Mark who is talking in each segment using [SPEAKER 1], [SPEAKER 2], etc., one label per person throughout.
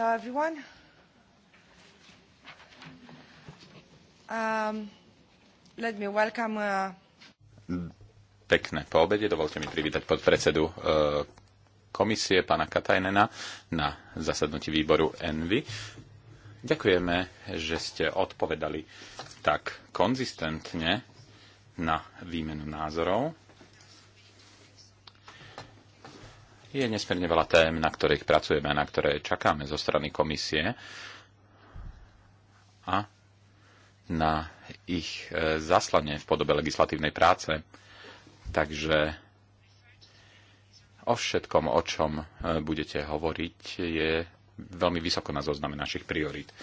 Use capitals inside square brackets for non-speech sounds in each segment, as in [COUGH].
[SPEAKER 1] Hello, everyone. Um, let me welcome...
[SPEAKER 2] Uh... Pekné po obede. Dovolte mi privítať podpredsedu uh, komisie, pána Katajnena, na zasadnutí výboru ENVY. Ďakujeme, že ste odpovedali tak konzistentne na výmenu názorov Je nesmierne veľa tém, na ktorých pracujeme a na ktoré čakáme zo strany komisie a na ich e, zaslanie v podobe legislatívnej práce. Takže o všetkom, o čom e, budete hovoriť, je veľmi vysoko na zozname našich priorít.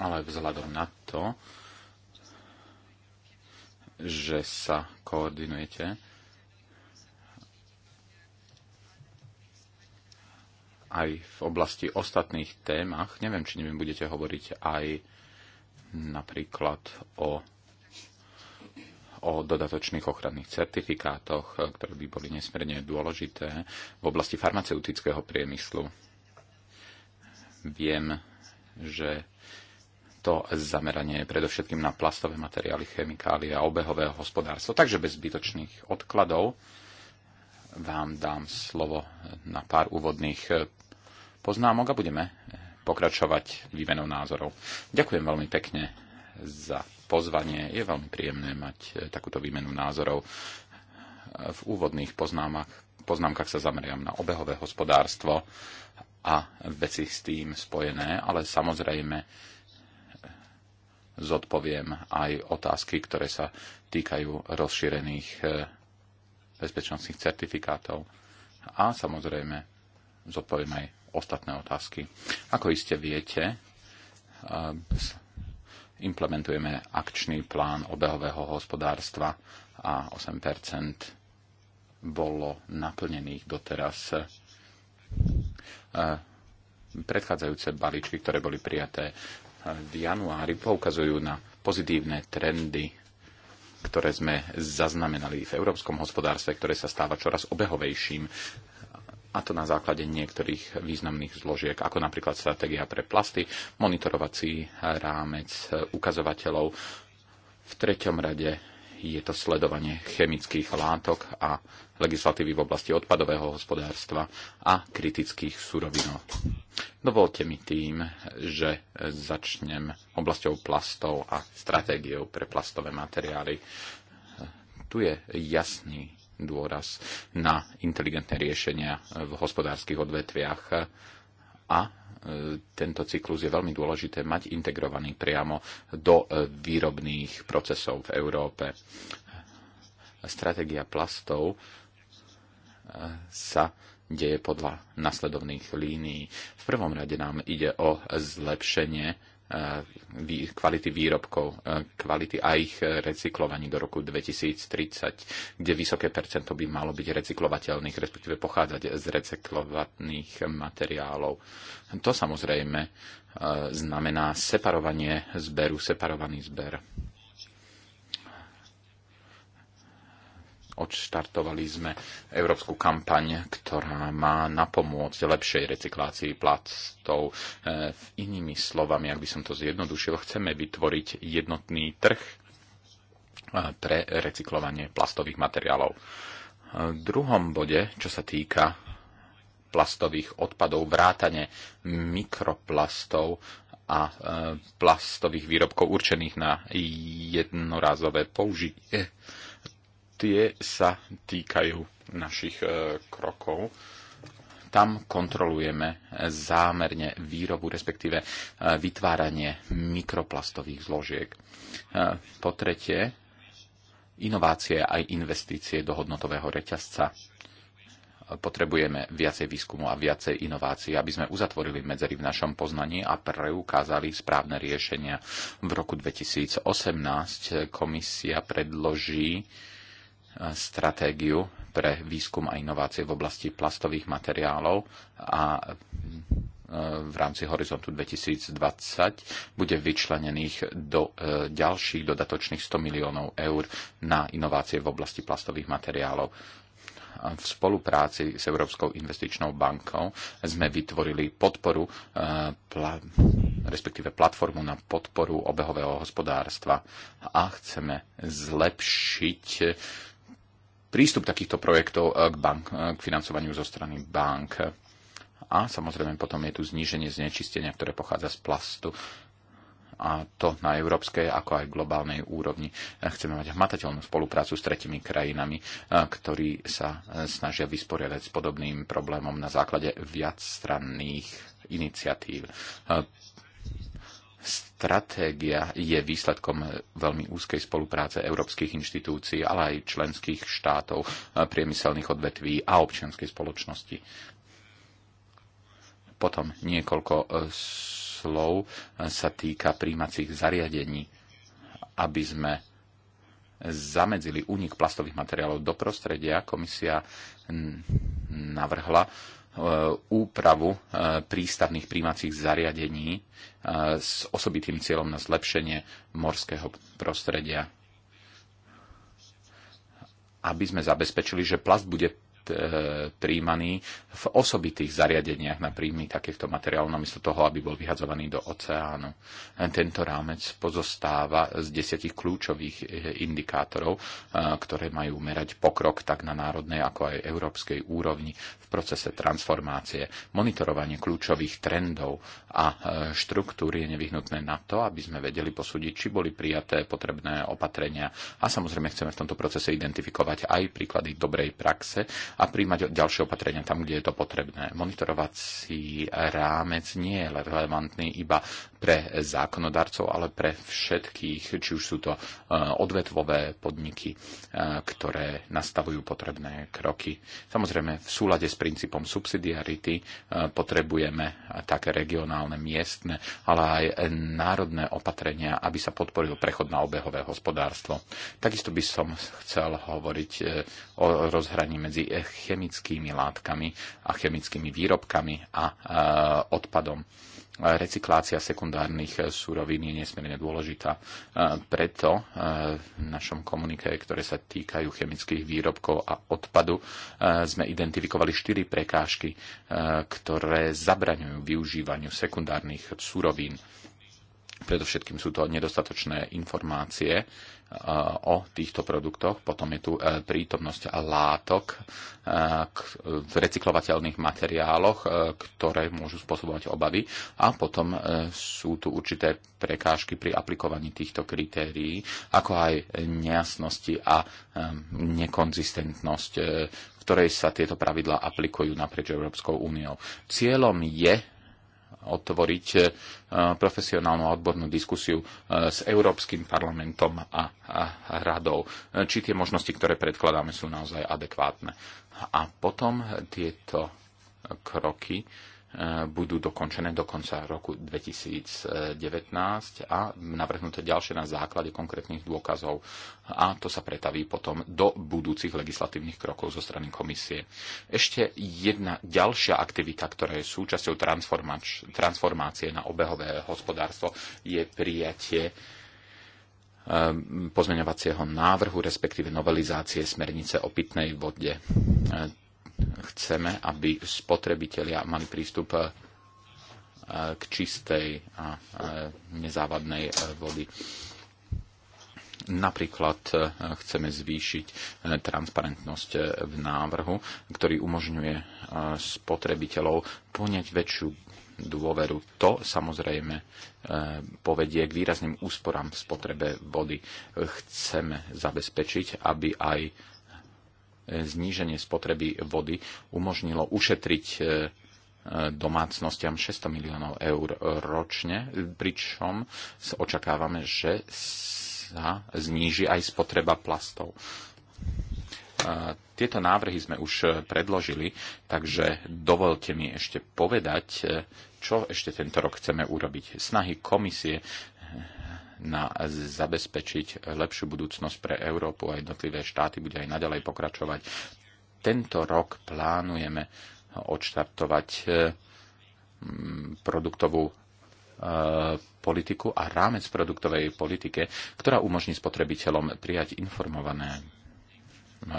[SPEAKER 2] Ale vzhľadom na to, že sa koordinujete, aj v oblasti ostatných témach. Neviem, či neviem, budete hovoriť aj napríklad o, o dodatočných ochranných certifikátoch, ktoré by boli nesmierne dôležité v oblasti farmaceutického priemyslu. Viem, že to zameranie je predovšetkým na plastové materiály, chemikálie a obehové hospodárstvo. Takže bez zbytočných odkladov vám dám slovo na pár úvodných poznámok a budeme pokračovať výmenou názorov. Ďakujem veľmi pekne za pozvanie. Je veľmi príjemné mať e, takúto výmenu názorov. V úvodných poznámach, poznámkach sa zameriam na obehové hospodárstvo a veci s tým spojené, ale samozrejme e, zodpoviem aj otázky, ktoré sa týkajú rozšírených e, bezpečnostných certifikátov a samozrejme zodpoviem aj ostatné otázky. Ako iste viete, eh, implementujeme akčný plán obehového hospodárstva a 8 bolo naplnených doteraz eh, predchádzajúce balíčky, ktoré boli prijaté eh, v januári, poukazujú na pozitívne trendy, ktoré sme zaznamenali v európskom hospodárstve, ktoré sa stáva čoraz obehovejším a to na základe niektorých významných zložiek, ako napríklad stratégia pre plasty, monitorovací eh, rámec eh, ukazovateľov. V treťom rade je to sledovanie chemických látok a legislatívy v oblasti odpadového hospodárstva a kritických surovinov. Dovolte mi tým, že eh, začnem oblasťou plastov a stratégiou pre plastové materiály. Tu je jasný dôraz na inteligentné riešenia v hospodárskych odvetviach a e, tento cyklus je veľmi dôležité mať integrovaný priamo do e, výrobných procesov v Európe. Stratégia plastov e, sa deje podľa nasledovných línií. V prvom rade nám ide o zlepšenie kvality výrobkov, kvality a ich recyklovaní do roku 2030, kde vysoké percento by malo byť recyklovateľných, respektíve pochádzať z recyklovaných materiálov. To samozrejme znamená separovanie zberu, separovaný zber Odštartovali sme európsku kampaň, ktorá má napomôcť lepšej recyklácii plastov. E, v inými slovami, ak by som to zjednodušil, chceme vytvoriť jednotný trh e, pre recyklovanie plastových materiálov. V e, druhom bode, čo sa týka plastových odpadov, vrátane mikroplastov a plastových výrobkov určených na jednorázové použitie tie sa týkajú našich e, krokov. Tam kontrolujeme zámerne výrobu, respektíve e, vytváranie mikroplastových zložiek. E, po tretie, inovácie aj investície do hodnotového reťazca. Potrebujeme viacej výskumu a viacej inovácií, aby sme uzatvorili medzery v našom poznaní a preukázali správne riešenia. V roku 2018 komisia predloží stratégiu pre výskum a inovácie v oblasti plastových materiálov a e, v rámci Horizontu 2020 bude vyčlenených do e, ďalších dodatočných 100 miliónov eur na inovácie v oblasti plastových materiálov. V spolupráci s Európskou investičnou bankou sme vytvorili podporu, e, respektíve platformu na podporu obehového hospodárstva a chceme zlepšiť prístup takýchto projektov eh, k, bank, eh, k financovaniu zo strany bank. A samozrejme potom je tu zníženie znečistenia, ktoré pochádza z plastu a to na európskej ako aj globálnej úrovni. Eh, chceme mať hmatateľnú spoluprácu s tretimi krajinami, ktorí sa snažia vysporiadať s podobným problémom na základe viacstranných iniciatív. Stratégia je výsledkom veľmi úzkej spolupráce európskych inštitúcií, ale aj členských štátov, priemyselných odvetví a občianskej spoločnosti. Potom niekoľko e, slov sa týka príjmacích zariadení, aby sme zamedzili únik plastových materiálov do prostredia, komisia navrhla e, úpravu e, prístavných príjmacích zariadení s osobitým cieľom na zlepšenie morského prostredia aby sme zabezpečili, že plast bude E, príjmaný v osobitých zariadeniach na príjmy takýchto materiálov, namiesto toho, aby bol vyhadzovaný do oceánu. E, tento rámec pozostáva z desiatich kľúčových e, indikátorov, ktoré majú merať pokrok tak na národnej, ako aj európskej úrovni v procese transformácie. Monitorovanie kľúčových trendov a štruktúry je nevyhnutné na to, aby sme vedeli posúdiť, či boli prijaté potrebné opatrenia. A samozrejme chceme v tomto procese identifikovať aj príklady dobrej praxe a príjmať ďalšie opatrenia tam, kde je to potrebné. Monitorovací rámec nie je relevantný iba pre zákonodarcov, ale pre všetkých, či už sú to e, odvetvové podniky, e, ktoré nastavujú potrebné kroky. Samozrejme, v súlade s princípom subsidiarity e, potrebujeme také regionálne, miestne, ale aj národné opatrenia, aby sa podporil prechod na obehové hospodárstvo. Takisto by som chcel hovoriť o rozhraní medzi chemickými látkami a chemickými výrobkami a e, odpadom. Recyklácia sekundárnych súrovín je nesmierne dôležitá. E, preto e, v našom komunike, ktoré sa týkajú chemických výrobkov a odpadu, sme identifikovali štyri prekážky, ktoré zabraňujú využívaniu sekundárnych súrovín. Predovšetkým sú to nedostatočné informácie, o týchto produktoch. Potom je tu e, prítomnosť látok e, v recyklovateľných materiáloch, e, ktoré môžu spôsobovať obavy. A potom sú tu určité prekážky pri aplikovaní týchto kritérií, ako aj nejasnosti a nekonzistentnosť v ktorej sa tieto pravidlá aplikujú naprieč Európskou úniou. Cieľom je otvoriť e, profesionálnu odbornú diskusiu e, s Európskym parlamentom a radou, e, či tie možnosti, ktoré predkladáme, sú naozaj adekvátne. A potom tieto kroky budú dokončené do konca roku 2019 a navrhnuté ďalšie na základe konkrétnych dôkazov. A to sa pretaví potom do budúcich legislatívnych krokov zo strany komisie. Ešte jedna ďalšia aktivita, ktorá je súčasťou transformácie na obehové hospodárstvo, je prijatie ehm, pozmeňovacieho návrhu, respektíve novelizácie smernice o pitnej vode. Chceme, aby spotrebitelia mali prístup e, k čistej a e, nezávadnej e, vody. Napríklad chceme zvýšiť transparentnosť v návrhu, ktorý umožňuje spotrebiteľov poňať väčšiu dôveru. To samozrejme povedie k výrazným úsporám v spotrebe vody. Chceme zabezpečiť, aby aj zníženie spotreby vody umožnilo ušetriť e, e, domácnostiam 600 miliónov eur ročne, pričom očakávame, že sa zníži aj spotreba plastov. E, tieto návrhy sme už predložili, takže dovolte mi ešte povedať, čo ešte tento rok chceme urobiť. Snahy komisie na zabezpečiť lepšiu budúcnosť pre Európu a jednotlivé štáty bude aj naďalej pokračovať. Tento rok plánujeme odštartovať e, produktovú e, politiku a rámec produktovej politike, ktorá umožní spotrebiteľom prijať informované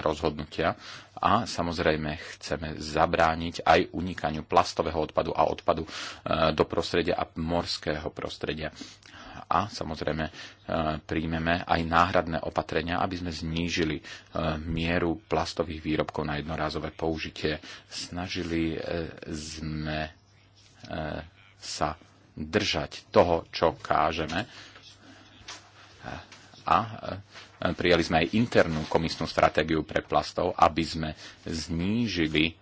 [SPEAKER 2] rozhodnutia a samozrejme chceme zabrániť aj unikaniu plastového odpadu a odpadu e, do prostredia a morského prostredia a samozrejme e, príjmeme aj náhradné opatrenia, aby sme znížili e, mieru plastových výrobkov na jednorázové použitie. Snažili e, sme sa držať toho, čo kážeme a prijali sme aj internú komisnú stratégiu pre plastov, aby sme znížili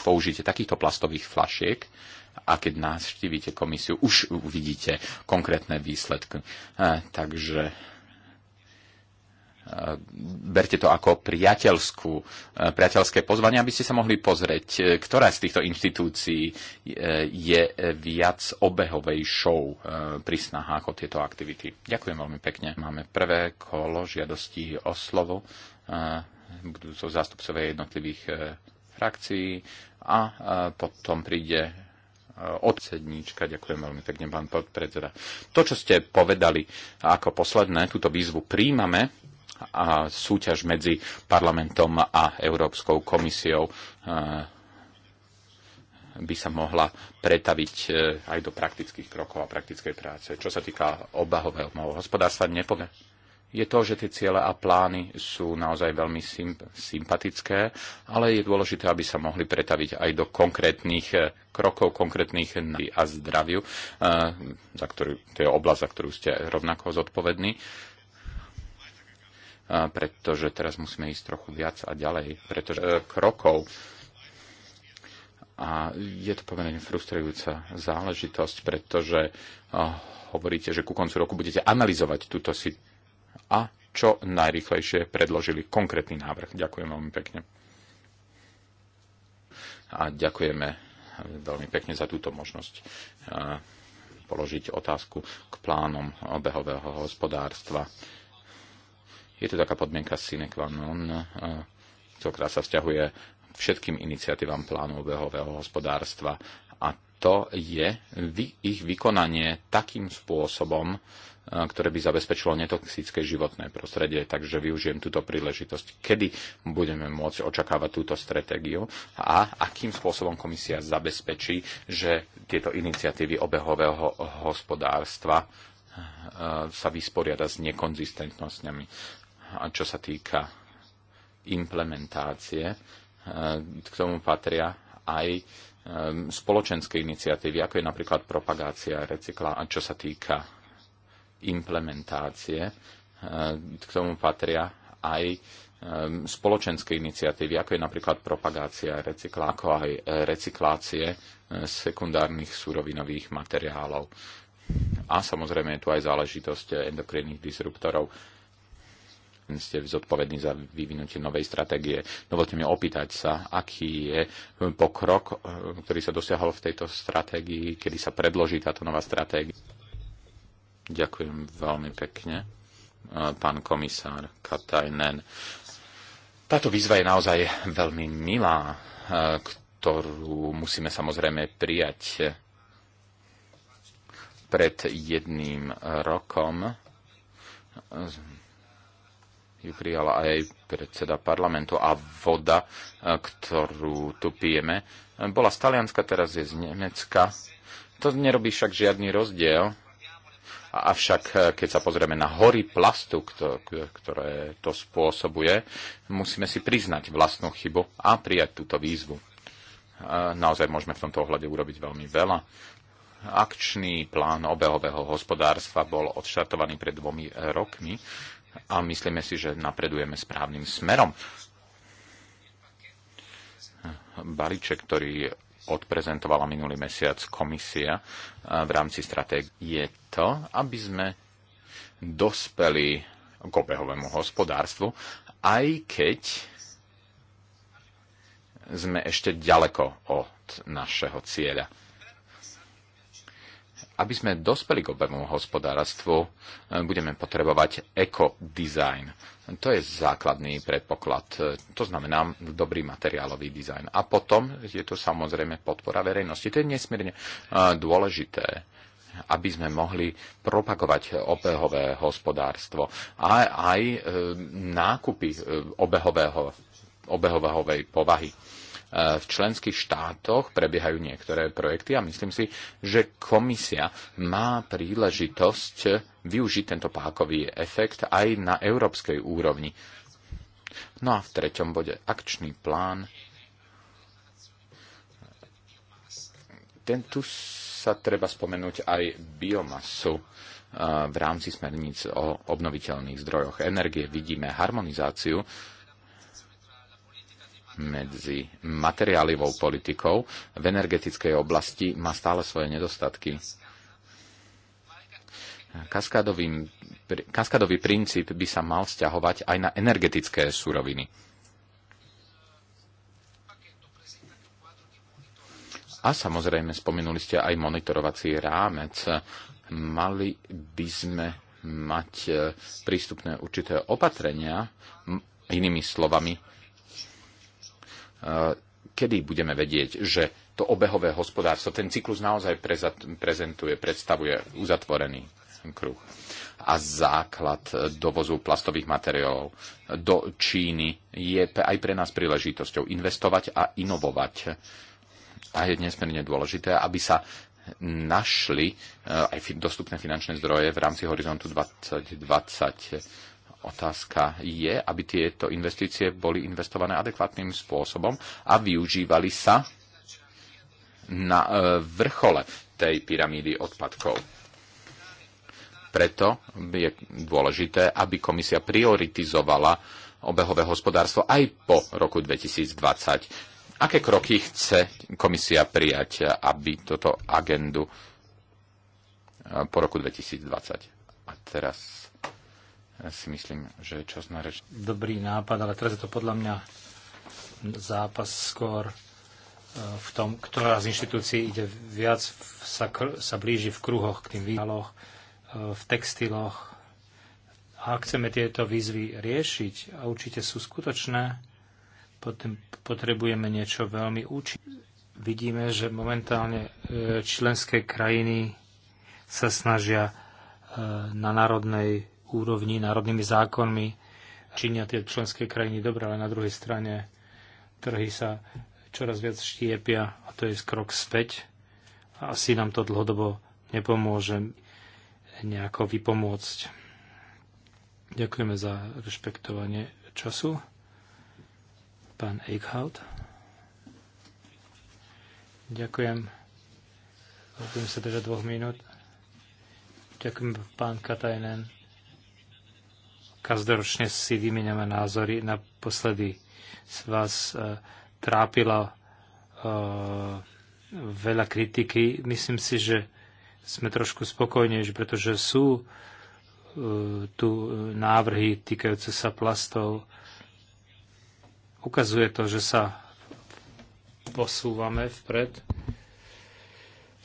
[SPEAKER 2] použitie takýchto plastových flašiek a keď navštívite komisiu, už uvidíte konkrétne výsledky. E, takže e, berte to ako priateľskú, e, priateľské pozvanie, aby ste sa mohli pozrieť, ktorá z týchto inštitúcií je viac obehovejšou pri snahách o tieto aktivity. Ďakujem veľmi pekne. Máme prvé kolo žiadostí o slovo. Budú to jednotlivých frakcií a potom príde odsedníčka. Ďakujem veľmi pekne, pán podpredseda. To, čo ste povedali ako posledné, túto výzvu príjmame a súťaž medzi parlamentom a Európskou komisiou e, by sa mohla pretaviť e, aj do praktických krokov a praktickej práce. Čo sa týka obahového hospodárstva, nepovedal je to, že tie ciele a plány sú naozaj veľmi sympatické, ale je dôležité, aby sa mohli pretaviť aj do konkrétnych eh, krokov, konkrétnych a zdraviu, eh, za ktorú, to je oblasť, za ktorú ste rovnako zodpovední, eh, pretože teraz musíme ísť trochu viac a ďalej, pretože krokov a je to pomerne frustrujúca záležitosť, pretože hovoríte, že ku koncu roku budete analyzovať túto si a čo najrychlejšie predložili konkrétny návrh. Ďakujem veľmi pekne. A ďakujeme veľmi pekne za túto možnosť e, položiť otázku k plánom obehového hospodárstva. Je to taká podmienka sine qua non, e, ktorá sa vzťahuje všetkým iniciatívam plánu obehového hospodárstva a to je ich vykonanie takým spôsobom, e, ktoré by zabezpečilo netoxické životné prostredie. Takže využijem túto príležitosť, kedy budeme môcť očakávať túto stratégiu a akým spôsobom komisia zabezpečí, že tieto iniciatívy obehového hospodárstva e, sa vysporiada s nekonzistentnosťami. A čo sa týka implementácie, e, k tomu patria aj spoločenské iniciatívy, ako je napríklad propagácia recykla a čo sa týka implementácie. Eh, k tomu patria aj spoločenské iniciatívy, ako je napríklad propagácia recykla, ako aj eh, recyklácie eh, sekundárnych surovinových materiálov. A samozrejme je tu aj záležitosť endokrinných disruptorov ste zodpovední za vyvinutie novej stratégie. Dovolte mi opýtať sa, aký je pokrok, e, ktorý sa dosiahol v tejto stratégii, kedy sa predloží táto nová stratégia. Ďakujem veľmi pekne, e, pán komisár Katajnen. Táto výzva je naozaj veľmi milá, e, ktorú musíme samozrejme prijať pred jedným rokom ju prijala aj predseda parlamentu a voda, e, ktorú tu pijeme, e, bola z Talianska, teraz je z Nemecka. To nerobí však žiadny rozdiel. Avšak, e, keď sa pozrieme na hory plastu, ktoré to spôsobuje, musíme si priznať vlastnú chybu a prijať túto výzvu. Naozaj môžeme v tomto ohľade urobiť veľmi veľa akčný plán obehového hospodárstva bol odštartovaný pred dvomi rokmi a myslíme si, že napredujeme správnym smerom. Balíček, ktorý odprezentovala minulý mesiac komisia v rámci stratégie, je to, aby sme dospeli k obehovému hospodárstvu, aj keď sme ešte ďaleko od našeho cieľa. Aby sme dospeli k obehom hospodárstvu, e, budeme potrebovať ekodizajn. To je základný predpoklad. E, to znamená dobrý materiálový dizajn. A potom je to samozrejme podpora verejnosti. To je nesmierne e, dôležité aby sme mohli propagovať obehové hospodárstvo a aj nákupy obehového, obehovej povahy. E, v členských štátoch prebiehajú niektoré projekty a myslím si, že komisia má príležitosť využiť tento pákový efekt aj na európskej úrovni. No a v treťom bode akčný plán. Ten tu sa treba spomenúť aj biomasu e, v rámci smerníc o obnoviteľných zdrojoch energie. Vidíme harmonizáciu medzi materiálivou politikou v energetickej oblasti má stále svoje nedostatky. Kaskádový, kaskádový princíp by sa mal vzťahovať aj na energetické suroviny. A samozrejme, spomenuli ste aj monitorovací rámec. Mali by sme mať e, prístupné určité opatrenia, inými slovami, kedy budeme vedieť, že to obehové hospodárstvo, ten cyklus naozaj prezentuje, predstavuje uzatvorený kruh. A základ dovozu plastových materiálov do Číny je aj pre nás príležitosťou investovať a inovovať. A je nesmierne dôležité, aby sa našli eh, aj dostupné finančné zdroje v rámci Horizontu 2020 otázka je, aby tieto investície boli investované adekvátnym spôsobom a využívali sa na e, vrchole tej pyramídy odpadkov. Preto je dôležité, aby komisia prioritizovala obehové hospodárstvo aj po roku 2020. Aké kroky chce komisia prijať, aby toto agendu e, po roku 2020? A teraz
[SPEAKER 3] si myslím, že je čas na reč. Dobrý nápad, ale teraz je to podľa mňa zápas skôr e, v tom, ktorá z inštitúcií ide viac, sa, sa blíži v kruhoch k tým výhaloch, e, v textiloch. A ak chceme tieto výzvy riešiť, a určite sú skutočné, potom potrebujeme niečo veľmi účinné. Vidíme, že momentálne e, členské krajiny sa snažia na národnej úrovni národnými zákonmi činia tie členské krajiny dobre, ale na druhej strane trhy sa čoraz viac štiepia a to je krok späť. A asi nám to dlhodobo nepomôže nejako vypomôcť. Ďakujeme za rešpektovanie času. Pán Eichhout. Ďakujem. Budem sa držať dvoch minút. Ďakujem pán Katajnen Každoročne si vymeniame názory. Naposledy vás e, trápila e, veľa kritiky. Myslím si, že sme trošku spokojnejší, pretože sú e, tu návrhy týkajúce sa plastov. Ukazuje to, že sa posúvame vpred.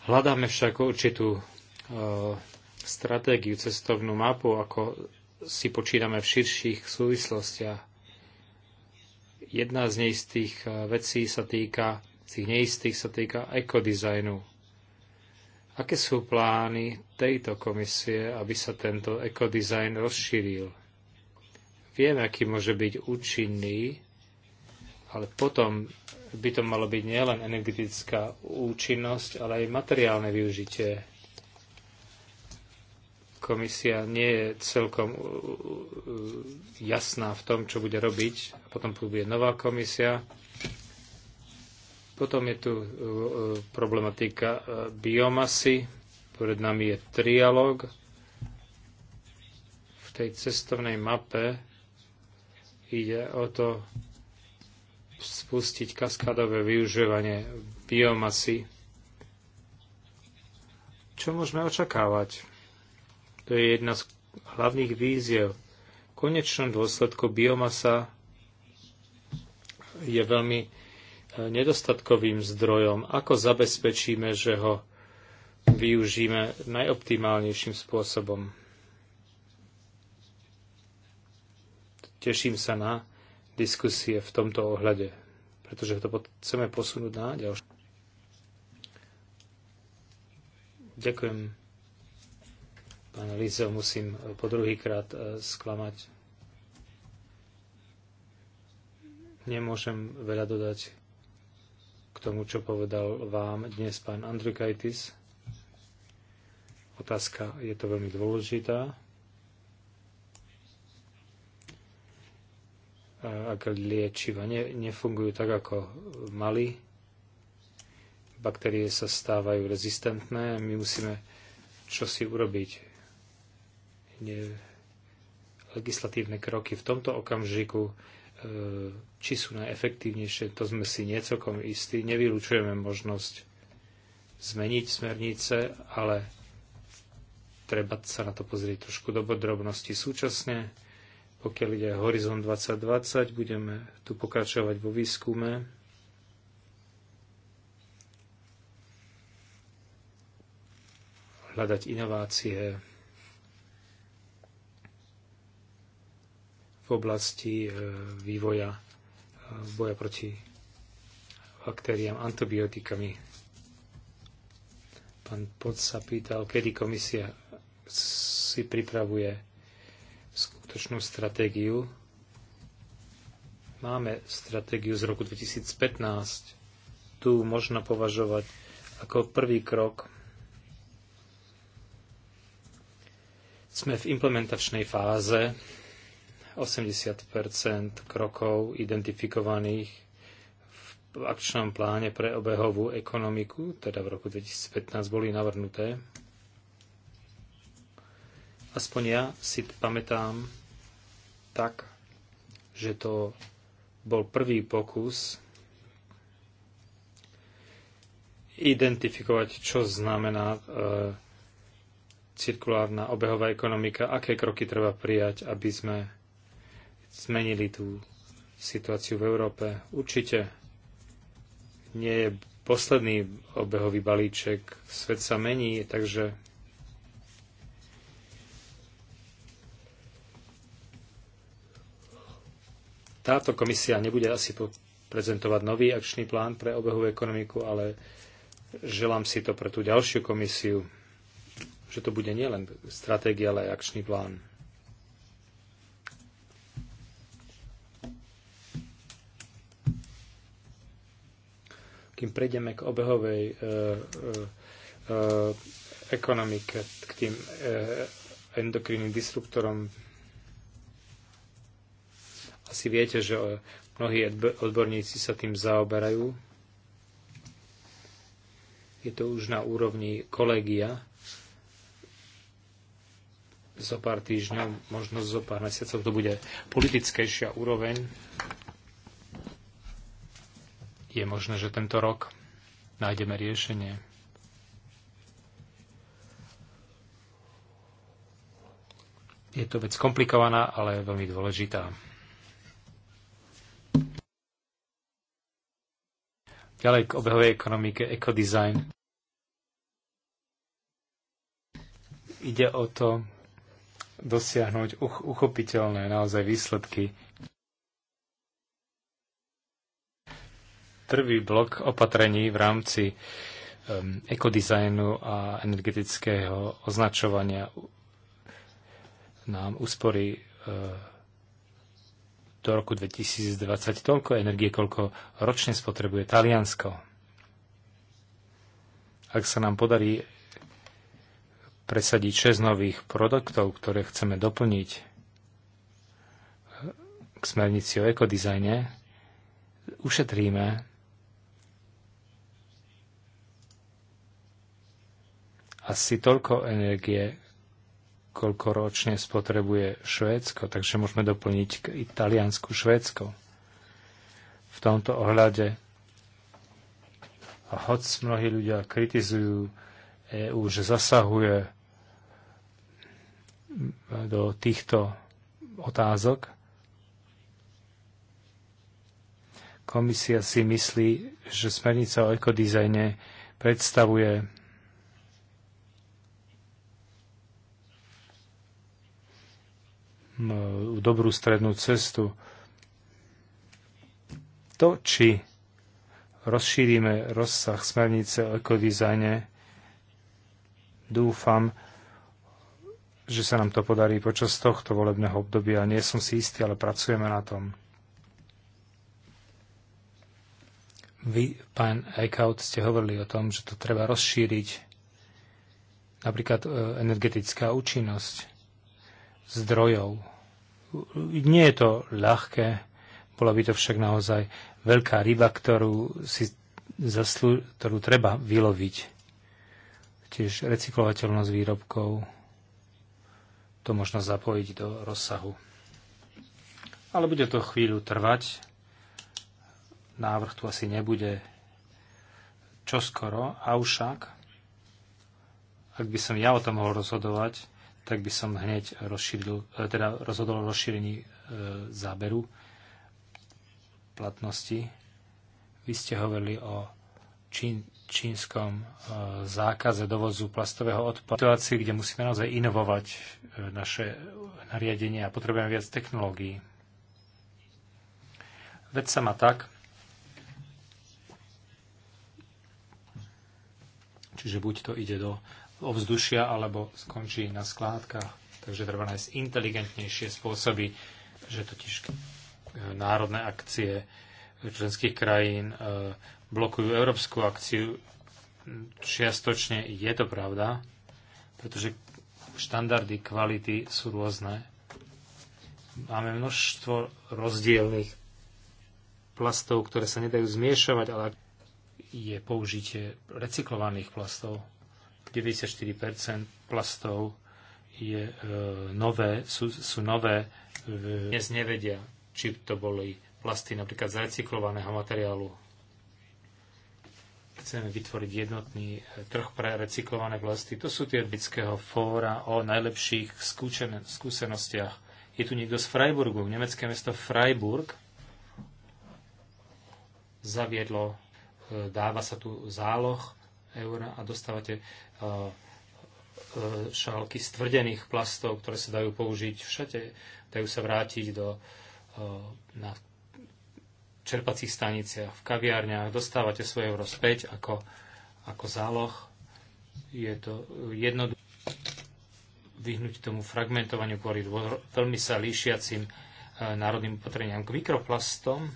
[SPEAKER 3] Hľadáme však určitú e, stratégiu, cestovnú mapu, ako si počítame v širších súvislostiach. Jedna z neistých eh, vecí sa týka, z tých neistých sa týka ekodizajnu. Aké sú plány tejto komisie, aby sa tento ekodizajn rozšíril? Viem, aký môže byť účinný, ale potom by to malo byť nielen energetická účinnosť, ale aj materiálne využitie komisia nie je celkom uh, uh, jasná v tom, čo bude robiť. Potom bude nová komisia. Potom je tu uh, problematika biomasy. Pred nami je trialog. V tej cestovnej mape ide o to spustiť kaskádové využívanie biomasy. Čo môžeme očakávať? To je jedna z hlavných víziev. V konečnom dôsledku biomasa je veľmi e, nedostatkovým zdrojom. Ako zabezpečíme, že ho využíme najoptimálnejším spôsobom? Teším sa na diskusie v tomto ohľade, pretože to chceme posunúť na ďalšie. Ďakujem. Pána Lizo musím po druhýkrát e, sklamať. Nemôžem veľa dodať k tomu, čo povedal vám dnes pán Andrikaitis. Otázka je to veľmi dôležitá. ak liečiva ne, nefungujú tak, ako mali, baktérie sa stávajú rezistentné, my musíme čosi urobiť ne, legislatívne kroky v tomto okamžiku, e, či sú najefektívnejšie, to sme si niecokom istí. Nevylučujeme možnosť zmeniť smernice, ale treba sa na to pozrieť trošku do podrobnosti. Súčasne, pokiaľ ide Horizon 2020, budeme tu pokračovať vo výskume. Hľadať inovácie, oblasti e, vývoja e, boja proti baktériám antibiotikami. Pán Pod sa pýtal, kedy komisia si pripravuje skutočnú stratégiu. Máme stratégiu z roku 2015. Tu možno považovať ako prvý krok. Sme v implementačnej fáze 80 krokov identifikovaných v akčnom pláne pre obehovú ekonomiku, teda v roku 2015, boli navrhnuté. Aspoň ja si pamätám tak, že to bol prvý pokus identifikovať, čo znamená e, cirkulárna obehová ekonomika, aké kroky treba prijať, aby sme zmenili tú situáciu v Európe. Určite nie je posledný obehový balíček. Svet sa mení, takže táto komisia nebude asi prezentovať nový akčný plán pre obehovú ekonomiku, ale želám si to pre tú ďalšiu komisiu, že to bude nielen stratégia, ale aj akčný plán. prejdeme k obehovej e, e, e, ekonomike, k tým endokrinným disruptorom. Asi viete, že mnohí odborníci sa tým zaoberajú. Je to už na úrovni kolegia. Zo pár týždňov, možno zo pár mesiacov to bude politickejšia úroveň. Je možné, že tento rok nájdeme riešenie. Je to vec komplikovaná, ale veľmi dôležitá. Ďalej k obehovej ekonomike, ekodesign. Ide o to dosiahnuť uchopiteľné naozaj výsledky Prvý blok opatrení v rámci um, ekodizajnu a energetického označovania nám usporí uh, do roku 2020 toľko energie, koľko ročne spotrebuje Taliansko. Ak sa nám podarí presadiť 6 nových produktov, ktoré chceme doplniť uh, k smernici o ekodizajne, ušetríme asi toľko energie, koľko ročne spotrebuje Švédsko, takže môžeme doplniť k Italiansku Švédsko. V tomto ohľade, a hoc mnohí ľudia kritizujú EÚ, že zasahuje do týchto otázok, komisia si myslí, že smernica o ekodizajne predstavuje dobrú strednú cestu. To, či rozšírime rozsah smernice o ekodizajne, dúfam, že sa nám to podarí počas tohto volebného obdobia. Nie som si istý, ale pracujeme na tom. Vy, pán Eichhout, ste hovorili o tom, že to treba rozšíriť. Napríklad e, energetická účinnosť zdrojov. Nie je to ľahké, bola by to však naozaj veľká ryba, ktorú, si zaslu- ktorú treba vyloviť. Tiež recyklovateľnosť výrobkov, to možno zapojiť do rozsahu. Ale bude to chvíľu trvať. Návrh tu asi nebude čoskoro, avšak, ak by som ja o tom mohol rozhodovať, tak by som hneď rozšíril, e, teda rozhodol o rozšírení e, záberu platnosti. Vy ste hovorili o čín, čínskom e, zákaze dovozu plastového odpadu. Situácii, kde musíme naozaj inovovať naše nariadenie a potrebujeme viac technológií. Veď sa má tak, čiže buď to ide do ovzdušia alebo skončí na skládkach. Takže treba nájsť inteligentnejšie spôsoby, že totiž e, národné akcie členských krajín e, blokujú európsku akciu. Čiastočne je to pravda, pretože štandardy kvality sú rôzne. Máme množstvo rozdielných plastov, ktoré sa nedajú zmiešovať, ale je použitie recyklovaných plastov 94 plastov je, e, nové, sú, sú nové. E, dnes nevedia, či to boli plasty napríklad z recyklovaného materiálu. Chceme vytvoriť jednotný e, trh pre recyklované plasty. To sú tie Erbického fóra o najlepších skúčen, skúsenostiach. Je tu niekto z Freiburgu. Nemecké mesto Freiburg zaviedlo, e, dáva sa tu záloh eur a dostávate uh, uh, šálky z tvrdených plastov, ktoré sa dajú použiť všade, dajú sa vrátiť do, uh, na čerpacích staniciach, v kaviárniach, dostávate svoje euro späť ako, ako záloh. Je to jednoduché vyhnúť tomu fragmentovaniu kvôli veľmi sa líšiacim národným opatreniam k mikroplastom.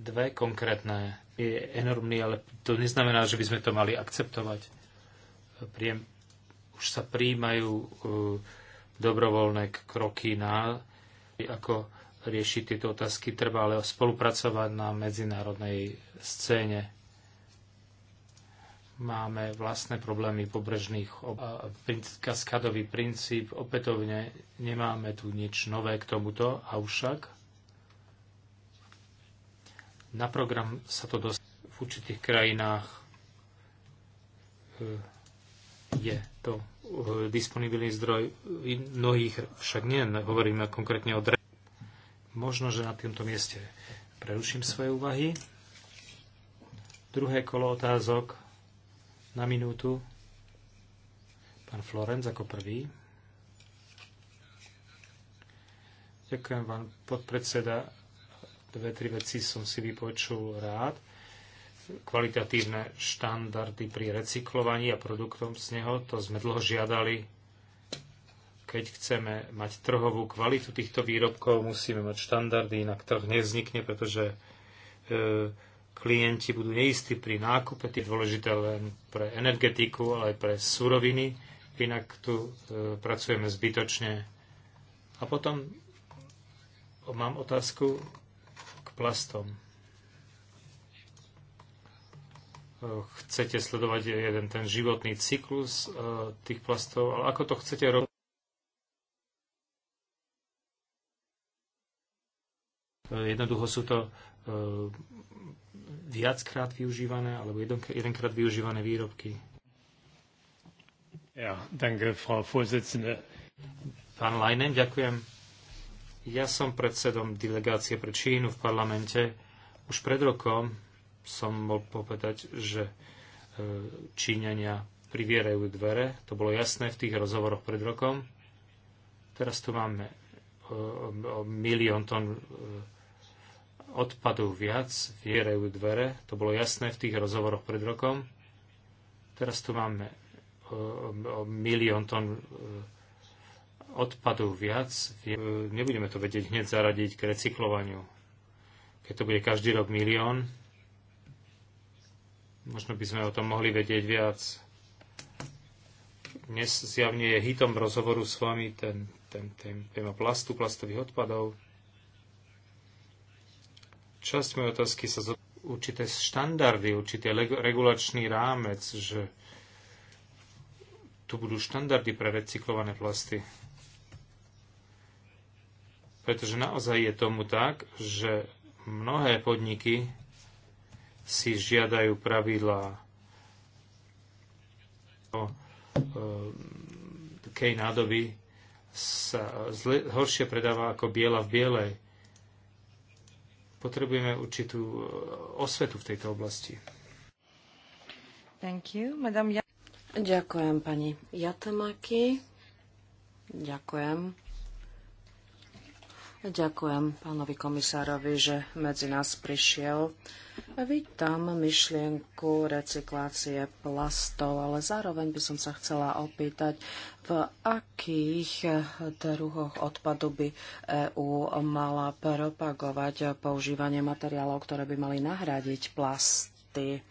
[SPEAKER 3] Dve konkrétne je enormný, ale to neznamená, že by sme to mali akceptovať. Priem, už sa príjmajú uh, dobrovoľné kroky na ako riešiť tieto otázky. Treba ale spolupracovať na medzinárodnej scéne. Máme vlastné problémy pobrežných kaskadový princíp. Opätovne nemáme tu nič nové k tomuto, avšak na program sa to dosť v určitých krajinách. E, je to e, disponibilný zdroj, mnohých však nie, hovoríme konkrétne o dre. Možno, že na tomto mieste preruším svoje úvahy. Druhé kolo otázok na minútu. Pán Florenc ako prvý. Ďakujem, pán podpredseda. Dve, tri veci som si vypočul rád. Kvalitatívne štandardy pri recyklovaní a produktom z neho, to sme dlho žiadali. Keď chceme mať trhovú kvalitu týchto výrobkov, musíme mať štandardy, inak trh nevznikne, pretože e, klienti budú neistí pri nákupe, tie dôležité len pre energetiku, ale aj pre suroviny, inak tu e, pracujeme zbytočne. A potom mám otázku plastom. Chcete sledovať jeden ten životný cyklus e, tých plastov, ale ako to chcete robiť? Jednoducho sú to e, viackrát využívané alebo jedenkrát využívané výrobky. Ja, danke, Frau Vorsitzende. Pán Leinen, ďakujem ja som predsedom delegácie pre Čínu v parlamente. Už pred rokom som mohol povedať, že e, Číňania privierajú dvere. To bolo jasné v tých rozhovoroch pred rokom. Teraz tu máme e, milión tón e, odpadu viac, vierajú dvere. To bolo jasné v tých rozhovoroch pred rokom. Teraz tu máme milión tón odpadu odpadu viac, nebudeme to vedieť hneď zaradiť k recyklovaniu. Keď to bude každý rok milión, možno by sme o tom mohli vedieť viac. Dnes zjavne je hitom rozhovoru s vami ten, ten, ten, téma plastu, plastových odpadov. Časť mojej otázky sa zo určité štandardy, určitý regulačný rámec, že tu budú štandardy pre recyklované plasty. Pretože naozaj je tomu tak, že mnohé podniky si žiadajú pravidlá o e, kej nádoby sa zle, horšie predáva ako biela v bielej. Potrebujeme určitú e, osvetu
[SPEAKER 1] v tejto oblasti. Thank you, madame. Ďakujem pani Jatamaki. Ďakujem. Ďakujem pánovi komisárovi, že medzi nás prišiel. Vítam myšlienku recyklácie plastov, ale zároveň by som sa chcela opýtať, v akých druhoch odpadu by EÚ mala propagovať používanie materiálov, ktoré by mali nahradiť plasty.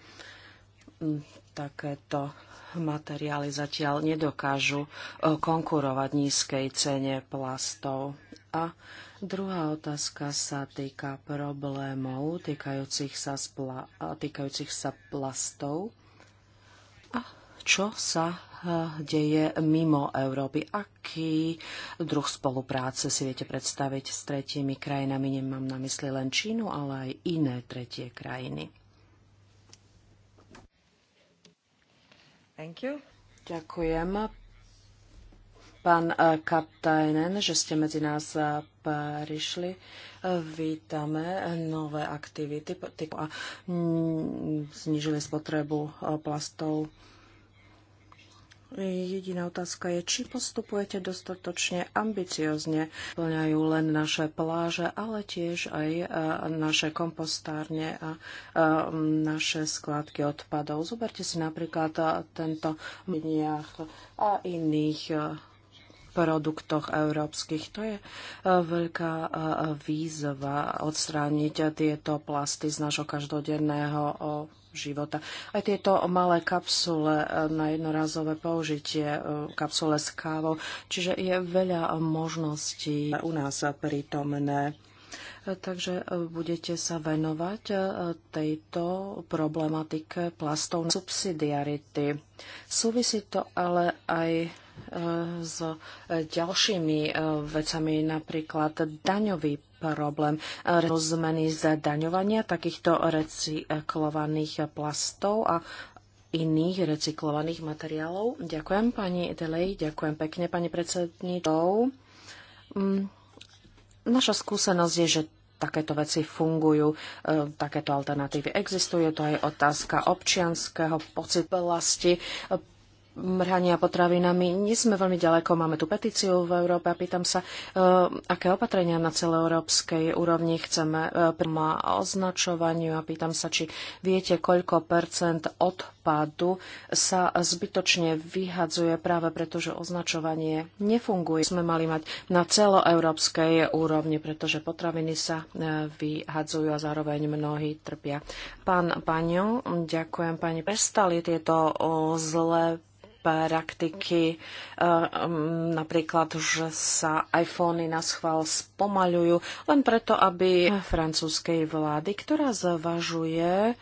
[SPEAKER 1] Takéto materiály zatiaľ nedokážu konkurovať nízkej cene plastov. A Druhá otázka sa týka problémov týkajúcich sa, spla, týkajúcich sa plastov. A čo sa e, deje mimo Európy? Aký druh spolupráce si viete predstaviť s tretími krajinami? Nemám na mysli len Čínu, ale aj iné tretie krajiny. Thank you. Ďakujem, pán e, Kaptajnen, že ste medzi nás e, prišli. Vítame nové aktivity a mm, znižili spotrebu e, plastov. Jediná otázka je, či postupujete dostatočne ambiciozne. Plňajú len naše pláže, ale tiež aj e, naše kompostárne a e, naše skládky odpadov. Zoberte si napríklad tento miniach a iných produktoch európskych. To je e, veľká e, výzva odstrániť tieto plasty z nášho každodenného života. Aj tieto malé kapsule e, na jednorazové použitie, kapsule s kávou, čiže je veľa možností u nás prítomné. Takže budete sa venovať tejto problematike plastov subsidiarity. Súvisí to ale aj s ďalšími e, vecami, napríklad daňový problém za zdaňovania takýchto recyklovaných plastov a iných recyklovaných materiálov. Ďakujem pani Delej, ďakujem pekne pani predsedničkou. Mm, naša skúsenosť je, že takéto veci fungujú, e, takéto alternatívy existujú. To je otázka občianského vlasti mrhania potravinami. Nie sme veľmi ďaleko, máme tu petíciu v Európe a pýtam sa, eh, aké opatrenia na celoeurópskej úrovni chceme eh, pri označovaniu a pýtam sa, či viete, koľko percent odpadu sa zbytočne vyhadzuje práve preto, že označovanie nefunguje. Sme mali mať na celoeurópskej úrovni, pretože potraviny sa eh, vyhadzujú a zároveň mnohí trpia. Pán Paňo, ďakujem pani. Prestali tieto zlé praktiky, e, napríklad, že sa iPhony na schvál spomaľujú, len preto, aby francúzskej vlády, ktorá zvažuje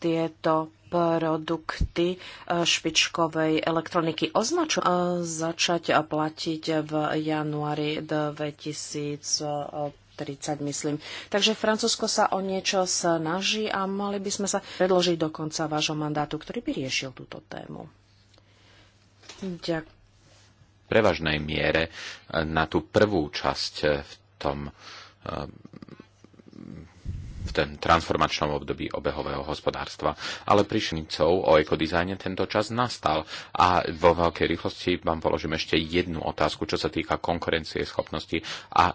[SPEAKER 1] tieto produkty e, špičkovej elektroniky označujú začať platiť v januári 2015. 30, myslím. Takže Francúzsko sa o niečo snaží a mali by sme sa predložiť do konca vášho mandátu, ktorý by riešil túto tému. Ďakujem
[SPEAKER 2] prevažnej miere na tú prvú časť v tom v ten transformačnom období obehového hospodárstva. Ale prišnicou o ekodizajne tento čas nastal a vo veľkej rýchlosti vám položím ešte jednu otázku, čo sa týka konkurencie schopnosti a e,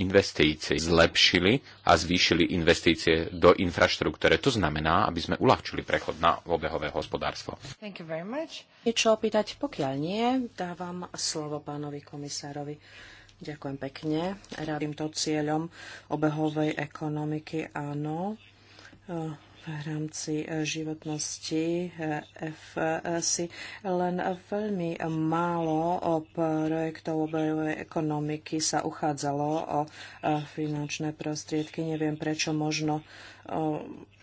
[SPEAKER 2] investícií. Zlepšili a zvýšili investície do infraštruktúre. To znamená, aby sme uľahčili prechod na obehové hospodárstvo.
[SPEAKER 1] Thank you very much. Je čo opýtať? Pokiaľ nie, dávam slovo pánovi komisárovi. Ďakujem pekne. Rád týmto cieľom obehovej ekonomiky áno eh, v rámci eh, životnosti eh, FSI len veľmi málo projektov obehovej ekonomiky sa uchádzalo o finančné prostriedky. Neviem, prečo možno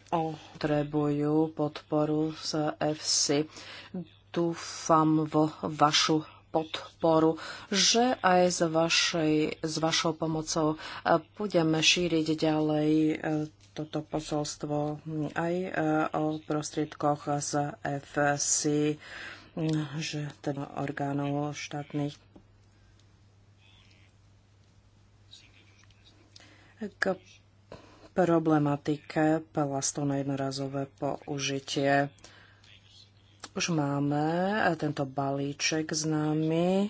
[SPEAKER 1] potrebujú podporu z FC. Dúfam vo vašu podporu, že aj z, vašej, s vašou pomocou e, budeme šíriť ďalej e, toto posolstvo aj e, o prostriedkoch z FC, že ten teda orgánov štátnych k problematike plastov na jednorazové použitie. Už máme e, tento balíček s nami e,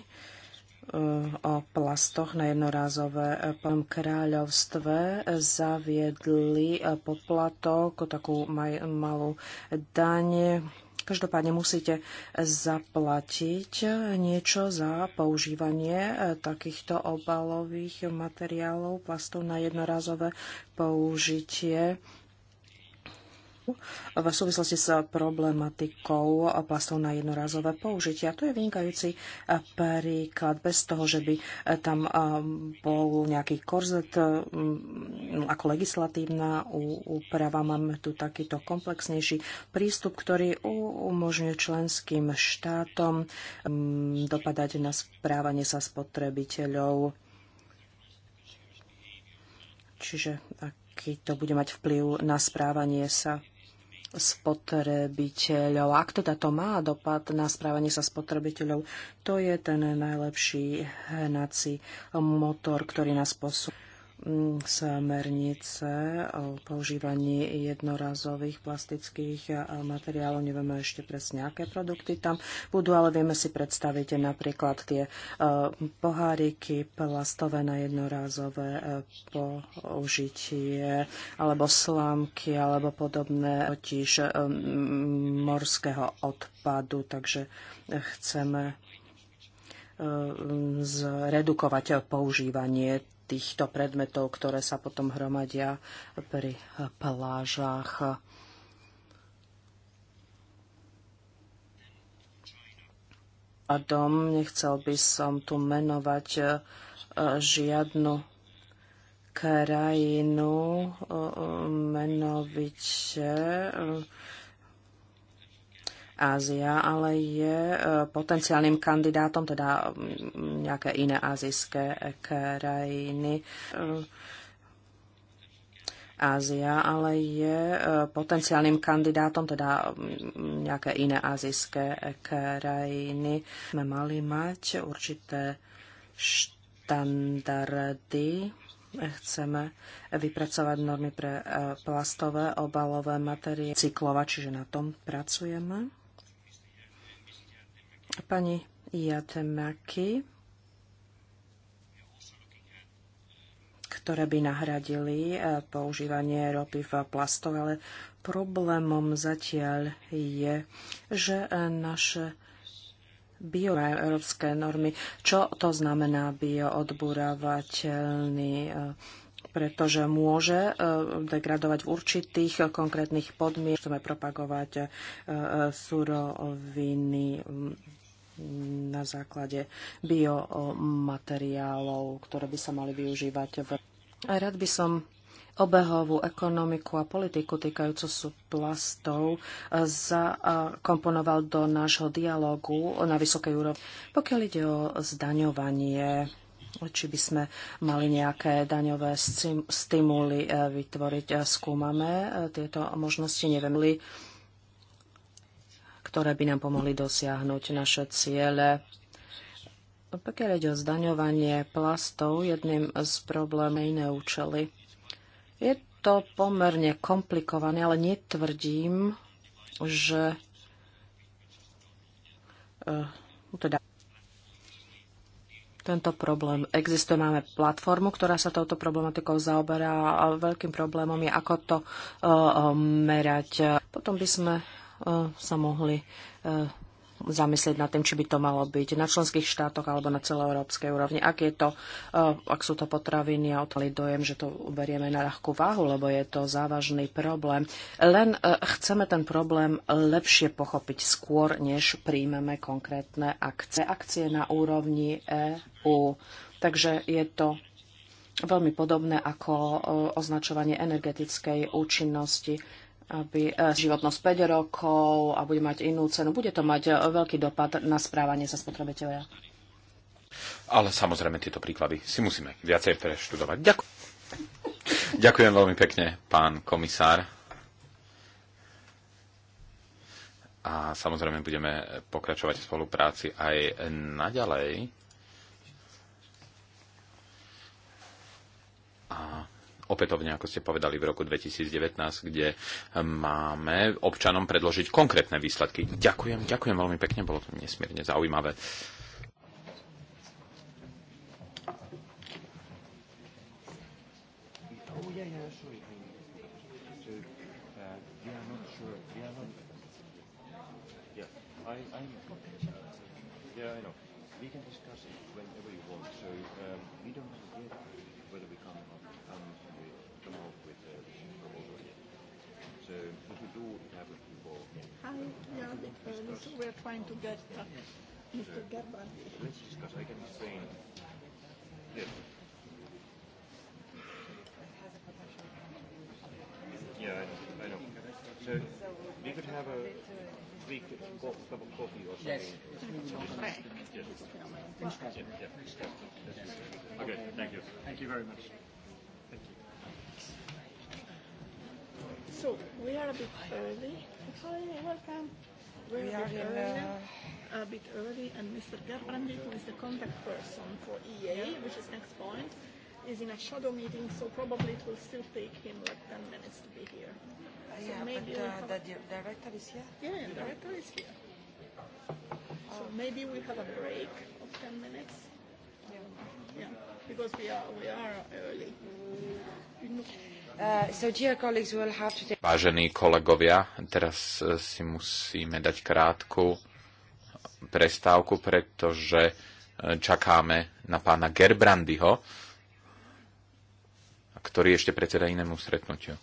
[SPEAKER 1] o plastoch na jednorázové e, plom kráľovstve zaviedli poplatok, takú maj, malú daň. Každopádne musíte zaplatiť niečo za používanie takýchto obalových materiálov, plastov na jednorázové použitie v súvislosti s problematikou plastov na jednorazové použitia. To je vynikajúci eh, príklad bez toho, že by eh, tam eh, bol nejaký korzet ako legislatívna úprava. Máme tu takýto komplexnejší prístup, ktorý umožňuje členským štátom mm, dopadať na správanie sa spotrebiteľov. Čiže aký to bude mať vplyv na správanie sa spotrebiteľov. Ak teda to má dopad na správanie sa spotrebiteľov, to je ten najlepší hnací motor, ktorý nás posúva smernice o používaní jednorazových plastických eh, materiálov. Nevieme ešte presne, aké produkty tam budú, ale vieme si predstaviť napríklad tie eh, poháriky plastové na jednorazové eh, použitie, alebo slámky, alebo podobné totiž morského odpadu. Takže chceme E, zredukovať používanie týchto predmetov, ktoré sa potom hromadia pri plážach. A dom, nechcel by som tu menovať e, žiadnu krajinu, e, menovite Ázia, ale je e, potenciálnym kandidátom, teda mm, nejaké iné azijské krajiny. E, Ázia, ale je e, potenciálnym kandidátom, teda mm, nejaké iné azijské krajiny. Sme mali mať určité štandardy chceme vypracovať normy pre plastové obalové materiály, cyklovať, čiže na tom pracujeme. Pani Jatemaki, ktoré by nahradili e, používanie ropy v plastoch, ale problémom zatiaľ je, že e, naše bioeurópske normy, čo to znamená bioodburávateľný e, pretože môže degradovať v určitých konkrétnych podmienkach. Chceme propagovať suroviny na základe biomateriálov, ktoré by sa mali využívať. V... A rád by som obehovú ekonomiku a politiku týkajúcu sú plastov e, zakomponoval do nášho dialogu na vysokej úrovni. Pokiaľ ide o zdaňovanie, či by sme mali nejaké daňové stimuly e, vytvoriť, e, skúmame tieto možnosti, neviem, ktoré by nám pomohli dosiahnuť naše ciele. Pokiaľ ide o zdaňovanie plastov, jedným z problémov iné účely. Je to pomerne komplikované, ale netvrdím, že eh, teda tento problém existuje. Máme platformu, ktorá sa touto problematikou zaoberá a veľkým problémom je, ako to eh, eh, merať. Potom by sme Eh, sa mohli eh, zamyslieť nad tým, či by to malo byť na členských štátoch alebo na celoeurópskej úrovni. Ak, je to, eh, ak sú to potraviny a otali dojem, že to uberieme na ľahkú váhu, lebo je to závažný problém. Len chceme ten problém lepšie pochopiť skôr, než príjmeme konkrétne akcie. Akcie na úrovni EU. Takže je to veľmi podobné ako označovanie energetickej účinnosti aby e, životnosť 5 rokov a bude mať inú cenu. Bude to mať e, veľký dopad na správanie sa spotrebiteľa.
[SPEAKER 2] Ale samozrejme tieto príklady si musíme viacej preštudovať. Ďakujem. Ďakujem veľmi pekne, pán komisár. A samozrejme budeme pokračovať v spolupráci aj naďalej. A opätovne, ako ste povedali, v roku 2019, kde máme občanom predložiť konkrétne výsledky. Ďakujem, ďakujem veľmi pekne, bolo to nesmierne zaujímavé.
[SPEAKER 4] Yeah, I know. We can because we're trying to get uh, Mr. Gerber. I can Yeah, I, I know. So we could have a Greek cup of coffee or something. Yes. yes. yes. Okay, thank you. Thank you very much. Thank you. So we are a bit early. welcome we are uh, a bit early, and Mr. Gerbrandi, who is the contact person for e EA, which is next point, is in a shadow meeting, so probably it will still take him like 10 minutes to be here. Uh, so yeah, maybe but uh, the di director is here? Yeah, the director is here. So oh. maybe we have a break of 10 minutes. Yeah. yeah, because we are, we are early.
[SPEAKER 1] Mm. Uh, Vážení
[SPEAKER 2] kolegovia, teraz uh, si musíme dať krátku prestávku, pretože uh, čakáme na pána Gerbrandyho, ktorý ešte predseda inému stretnutiu.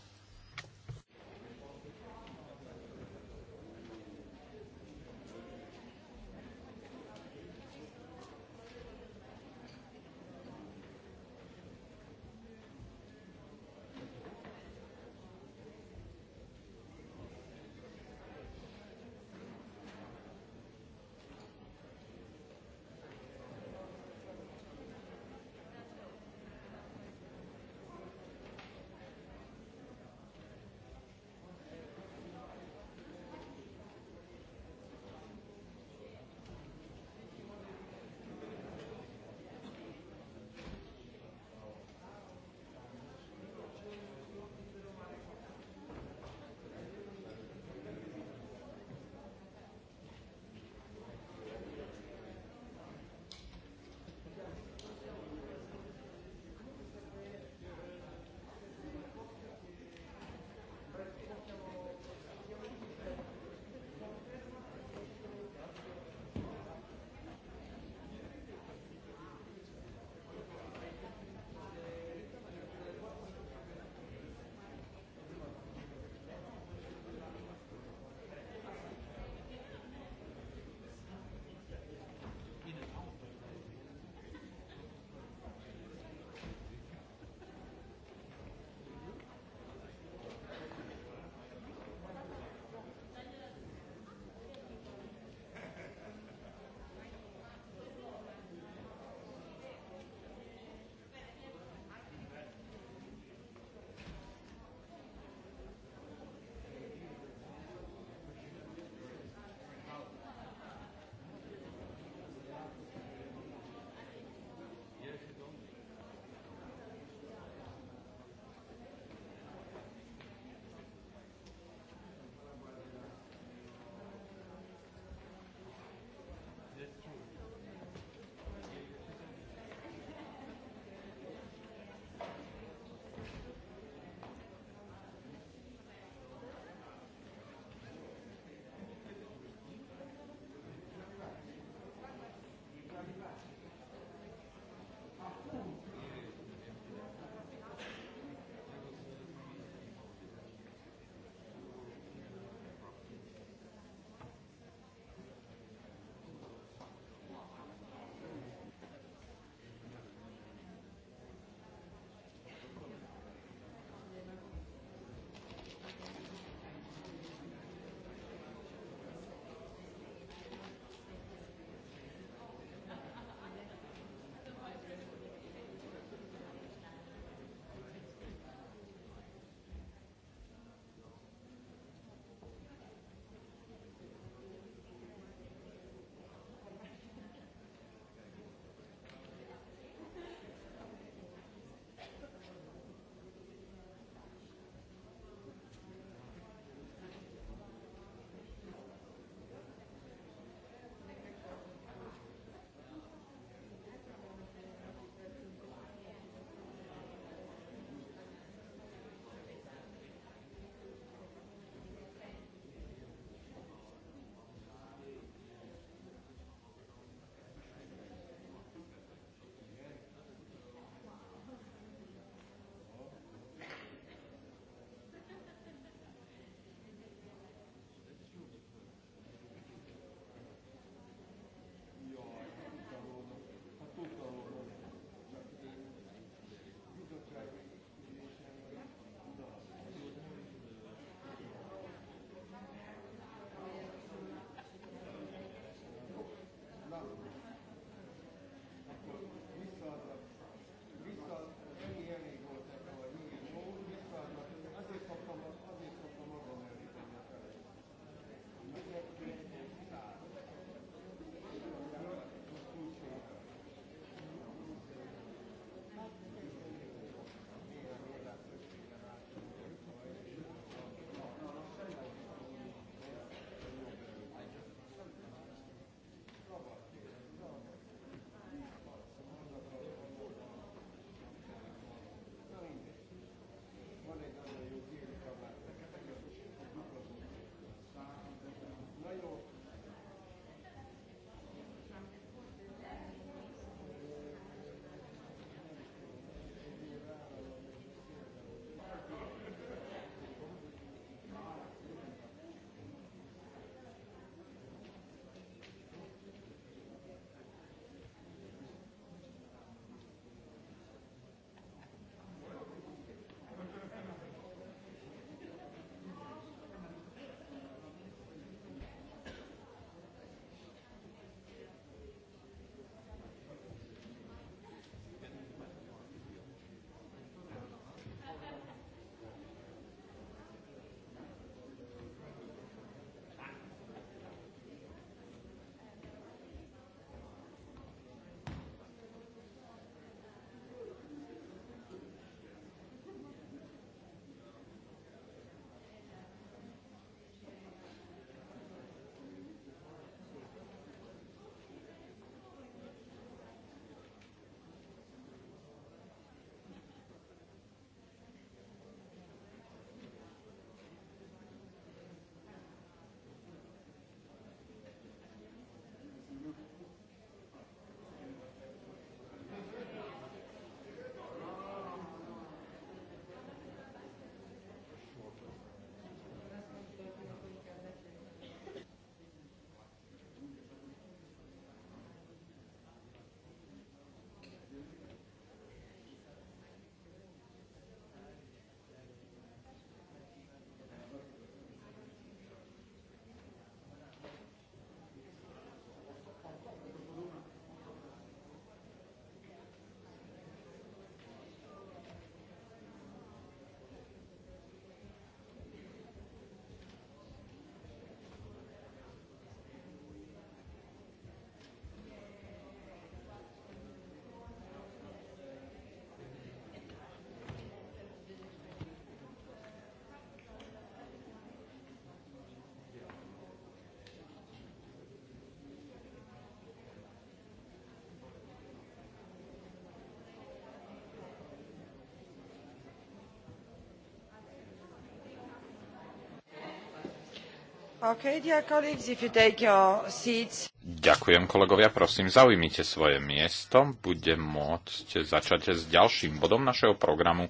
[SPEAKER 2] Ďakujem kolegovia, prosím, zaujímite svoje miesto. Budem môcť začať s ďalším bodom našeho programu,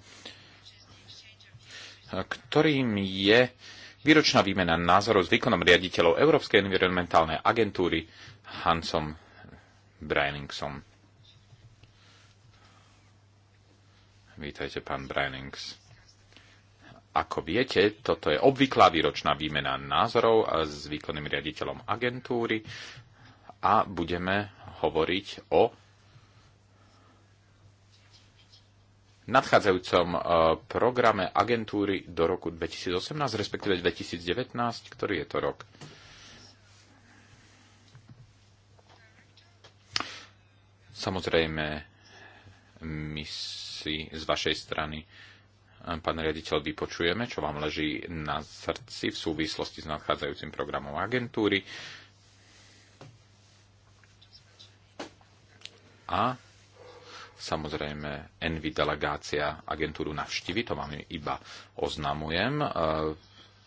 [SPEAKER 2] ktorým je výročná výmena názorov s výkonom riaditeľov Európskej environmentálnej agentúry Hansom Breiningsom. Vítajte, pán Brainings. Ako viete, toto je obvyklá výročná výmena názorov e, s výkonným riaditeľom agentúry a budeme hovoriť o nadchádzajúcom e, programe agentúry do roku 2018, respektíve 2019, ktorý je to rok. Samozrejme, my si z vašej strany Hm, pán riaditeľ, vypočujeme, čo vám leží na srdci v súvislosti s nadchádzajúcim programom agentúry. A samozrejme Envy delegácia agentúru navštívi, to vám iba oznamujem. E,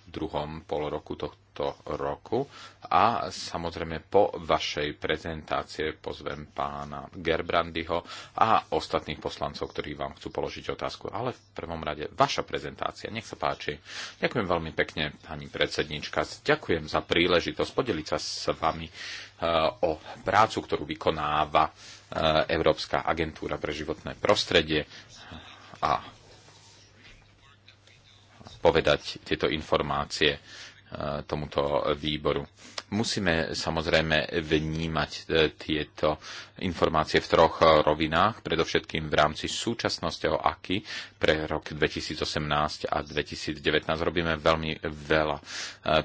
[SPEAKER 2] v druhom pol roku to, tohto roku a samozrejme po vašej prezentácie pozvem pána Gerbrandyho a ostatných poslancov, ktorí vám chcú položiť otázku. Ale v prvom rade vaša prezentácia, nech sa páči. Ďakujem veľmi pekne, pani predsednička. Ďakujem za príležitosť podeliť sa s vami eh, o prácu, ktorú vykonáva eh, Európska agentúra pre životné prostredie a povedať tieto informácie Eh, tomuto výboru. Musíme samozrejme vnímať eh, tieto informácie v troch eh, rovinách, predovšetkým v rámci súčasnosti o AKI pre rok 2018 a 2019. Robíme veľmi veľa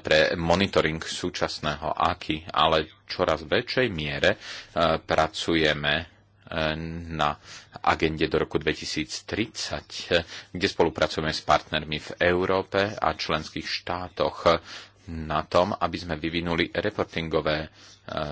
[SPEAKER 2] pre monitoring súčasného AKI, ale čoraz väčšej miere pracujeme na agende do roku 2030, kde spolupracujeme s partnermi v Európe a členských štátoch na tom, aby sme vyvinuli reportingové, eh,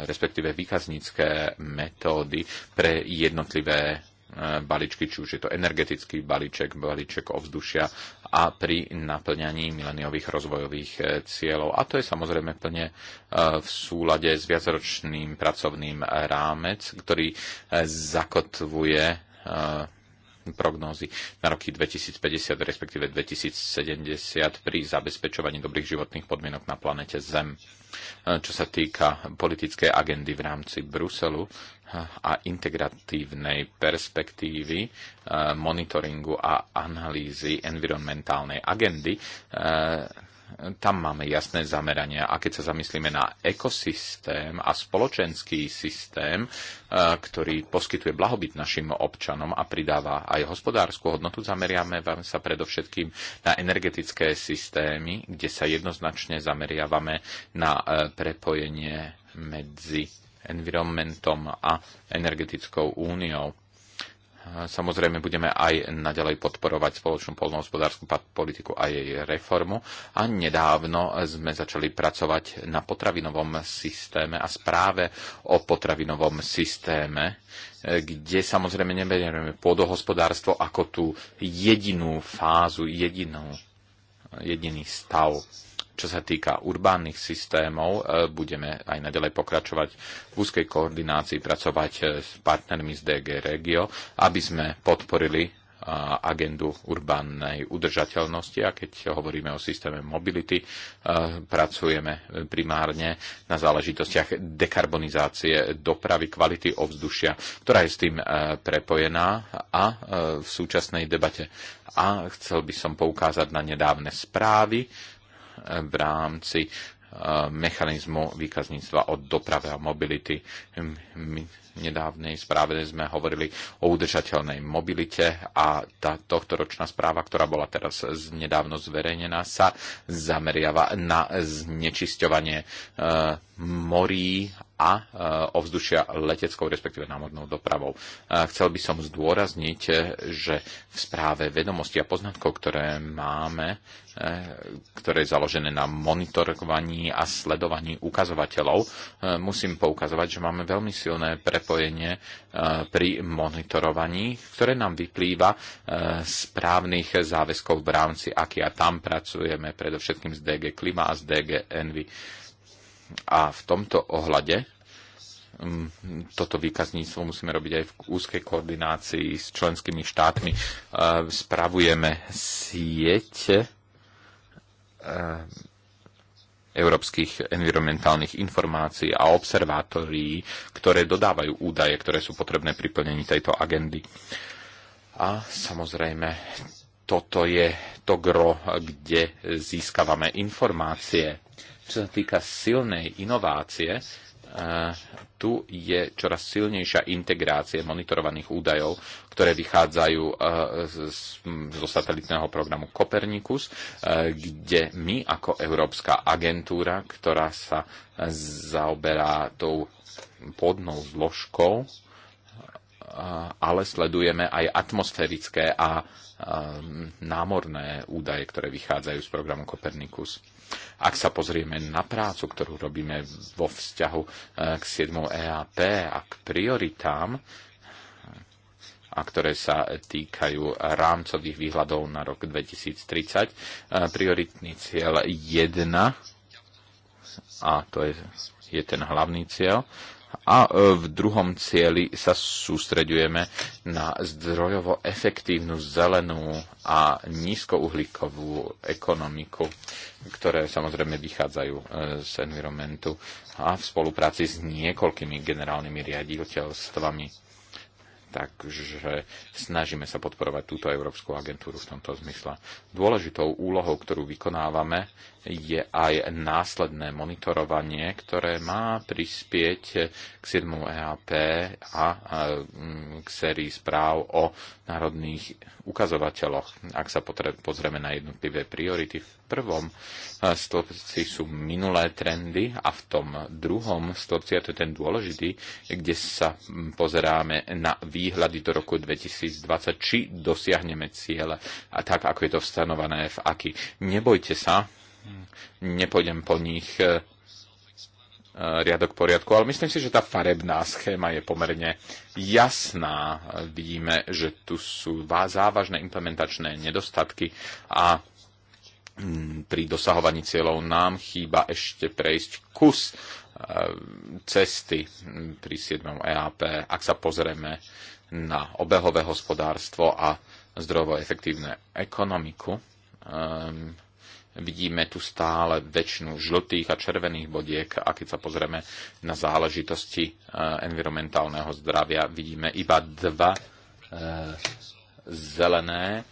[SPEAKER 2] respektíve výkaznícke metódy pre jednotlivé Eh, balíčky, či už je to energetický balíček, balíček ovzdušia a pri naplňaní mileniových rozvojových eh, cieľov. A to je samozrejme plne eh, v súlade s viacročným pracovným rámec, ktorý zakotvuje prognózy na roky 2050, respektíve 2070 pri zabezpečovaní dobrých životných podmienok na planete Zem. Čo sa týka politickej agendy v rámci Bruselu, a integratívnej perspektívy e, monitoringu a analýzy environmentálnej agendy. E, tam máme jasné zamerania a keď sa zamyslíme na ekosystém a spoločenský systém, e, ktorý poskytuje blahobyt našim občanom a pridáva aj hospodárskú hodnotu, zameriame sa predovšetkým na energetické systémy, kde sa jednoznačne zameriavame na prepojenie medzi environmentom a energetickou úniou. Samozrejme, budeme aj naďalej podporovať spoločnú polnohospodárskú politiku a jej reformu. A nedávno sme začali pracovať na potravinovom systéme a správe o potravinovom systéme, kde samozrejme neberieme pôdohospodárstvo ako tú jedinú fázu, jedinú, jediný stav čo sa týka urbánnych systémov, e, budeme aj naďalej pokračovať v úzkej koordinácii, pracovať e, s partnermi z DG Regio, aby sme podporili e, agendu urbánnej udržateľnosti a keď hovoríme o systéme mobility, pracujeme primárne na záležitostiach dekarbonizácie dopravy, kvality ovzdušia, ktorá je s tým prepojená a v súčasnej debate. A chcel by som poukázať na nedávne správy, v rámci eh, mechanizmu výkazníctva od doprave a mobility. My v nedávnej správe sme hovorili o udržateľnej mobilite a tá ročná správa, ktorá bola teraz nedávno zverejnená, sa zameriava na znečisťovanie eh, morí a e, ovzdušia leteckou, respektíve námornou dopravou. E, chcel by som zdôrazniť, e, že v správe vedomosti a poznatkov, ktoré máme, ktoré je založené na monitorovaní a sledovaní ukazovateľov, musím poukazovať, že máme veľmi silné prepojenie pri monitorovaní, ktoré nám vyplýva z právnych záväzkov v rámci aký a tam pracujeme predovšetkým z DG Klima a z DG Envy a v tomto ohľade mm, toto výkazníctvo musíme robiť aj v úzkej koordinácii s členskými štátmi. E, spravujeme sieť e, európskych environmentálnych informácií a observátorií, ktoré dodávajú údaje, ktoré sú potrebné pri plnení tejto agendy. A samozrejme, toto je to gro, kde získavame informácie. Čo sa týka silnej inovácie, eh, tu je čoraz silnejšia integrácia monitorovaných údajov, ktoré vychádzajú eh, zo satelitného programu Copernicus, eh, kde my ako Európska agentúra, ktorá sa zaoberá tou podnou zložkou, ale sledujeme aj atmosférické a námorné údaje, ktoré vychádzajú z programu Copernicus. Ak sa pozrieme na prácu, ktorú robíme vo vzťahu e, k 7. EAP a k prioritám, a ktoré sa týkajú rámcových výhľadov na rok 2030. E, prioritný cieľ 1, a to je, je ten hlavný cieľ, a e, v druhom cieli sa sústreďujeme na zdrojovo efektívnu zelenú a nízkouhlíkovú ekonomiku, ktoré samozrejme vychádzajú e, z environmentu a v spolupráci s niekoľkými generálnymi riaditeľstvami. Takže snažíme sa podporovať túto Európsku agentúru v tomto zmysle. Dôležitou úlohou, ktorú vykonávame, je aj následné monitorovanie, ktoré má prispieť k 7. EAP a e, k sérii správ o národných ukazovateľoch. Ak sa pozrieme na jednotlivé priority, v prvom e, stĺpci sú minulé trendy a v tom druhom stĺpci, a to je ten dôležitý, kde sa pozeráme na výhľady do roku 2020, či dosiahneme ciele a tak, ako je to vstanované v aký. Nebojte sa, nepôjdem po nich e, e, riadok poriadku, ale myslím si, že tá farebná schéma je pomerne jasná. Vidíme, že tu sú závažné implementačné nedostatky a pri dosahovaní cieľov nám chýba ešte prejsť kus e, cesty pri 7. EAP, ak sa pozrieme na obehové hospodárstvo a zdrojovo efektívne ekonomiku. Vidíme tu stále väčšinu žltých a červených bodiek a keď sa pozrieme na záležitosti e, environmentálneho zdravia, vidíme iba dva e, zelené e,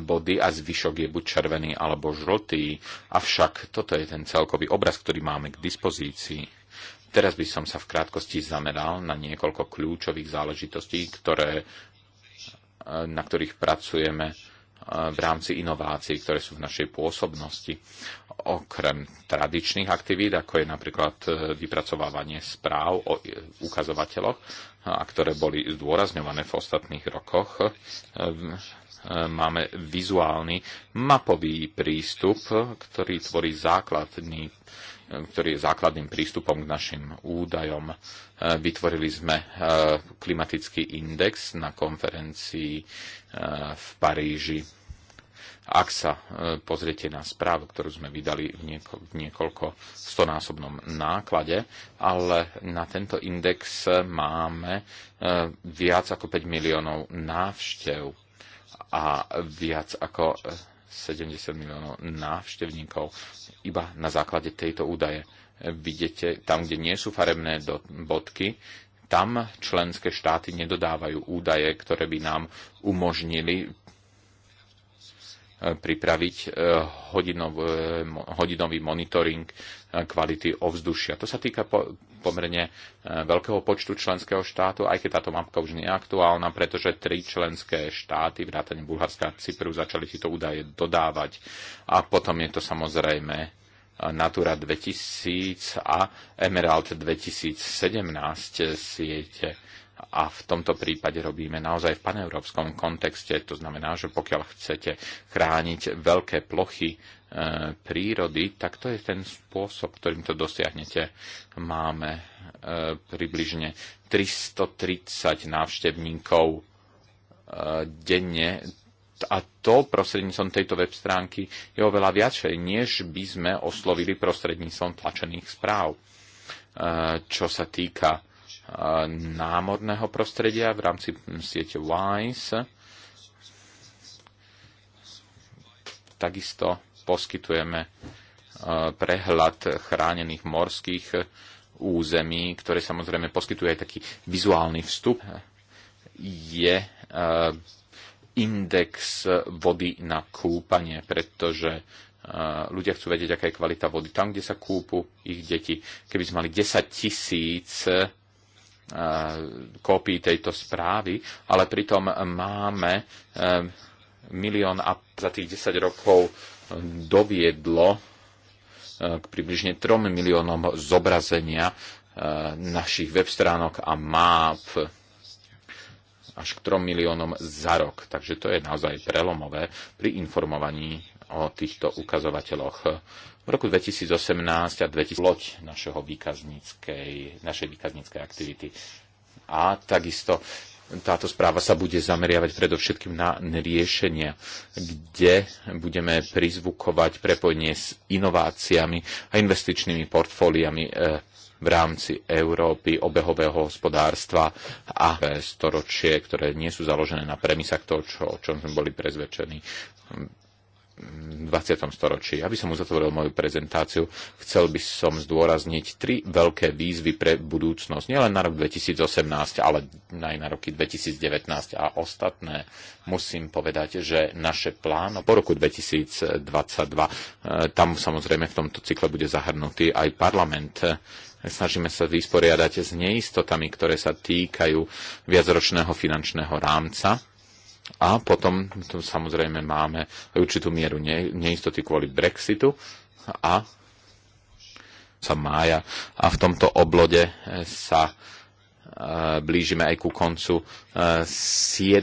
[SPEAKER 2] body a zvyšok je buď červený alebo žltý. Avšak toto je ten celkový obraz, ktorý máme k dispozícii. Teraz by som sa v krátkosti zameral na niekoľko kľúčových záležitostí, ktoré, na ktorých pracujeme v rámci inovácií, ktoré sú v našej pôsobnosti. Okrem tradičných aktivít, ako je napríklad e, vypracovávanie správ o e, ukazovateľoch, a ktoré boli zdôrazňované v ostatných rokoch, e, máme vizuálny mapový prístup, ktorý tvorí základný ktorý je základným prístupom k našim údajom. E, vytvorili sme e, klimatický index na konferencii e, v Paríži. Ak sa pozriete na správu, ktorú sme vydali v, nieko- v niekoľko stonásobnom náklade, ale na tento index máme viac ako 5 miliónov návštev a viac ako 70 miliónov návštevníkov. Iba na základe tejto údaje vidíte, tam, kde nie sú farebné bodky, tam členské štáty nedodávajú údaje, ktoré by nám umožnili E, pripraviť e, e, hodinový monitoring kvality ovzdušia. To sa týka pomerne veľkého počtu členského štátu, aj keď táto mapka už nie je aktuálna, pretože tri členské štáty, vrátane Bulharska a Cypru, začali tieto údaje dodávať. A potom je to samozrejme Natura 2000 a Emerald 2017 siete a v tomto prípade robíme naozaj v paneurópskom kontexte. To znamená, že pokiaľ chcete chrániť veľké plochy e, prírody, tak to je ten spôsob, ktorým to dosiahnete. Máme e, približne 330 návštevníkov e, denne a to prostredníctvom tejto web stránky je oveľa viacej, než by sme oslovili prostredníctvom tlačených správ. E, čo sa týka námorného prostredia v rámci siete WISE. Takisto poskytujeme e, prehľad chránených morských území, ktoré samozrejme poskytuje aj taký vizuálny vstup. Je e, index vody na kúpanie, pretože e, ľudia chcú vedieť, aká je kvalita vody tam, kde sa kúpu ich deti. Keby sme mali 10 tisíc 000 Eh, kópii tejto správy, ale pritom máme eh, milión a za tých 10 rokov eh, doviedlo k približne 3 miliónom zobrazenia našich web stránok a máp až k 3 miliónom za rok. Takže to je naozaj prelomové pri informovaní o týchto ukazovateľoch. V roku 2018 a 2000 loď našeho výkazníckej, našej výkazníckej aktivity. A takisto táto správa sa bude zameriavať predovšetkým na riešenia, kde budeme prizvukovať prepojenie s inováciami a investičnými portfóliami e, v rámci Európy, obehového hospodárstva a storočie, ktoré nie sú založené na premisách toho, čo, o čom sme boli prezvedčení 20. storočí. Aby som uzatvoril moju prezentáciu, chcel by som zdôrazniť tri veľké výzvy pre budúcnosť. Nielen na rok 2018, ale aj na roky 2019 a ostatné. Musím povedať, že naše pláno po roku 2022, e, tam samozrejme v tomto cykle bude zahrnutý aj parlament. Snažíme sa vysporiadať s neistotami, ktoré sa týkajú viacročného finančného rámca a potom tu samozrejme máme určitú mieru neistoty kvôli Brexitu a sa mája a v tomto oblode e, sa e, blížime aj ku koncu 7.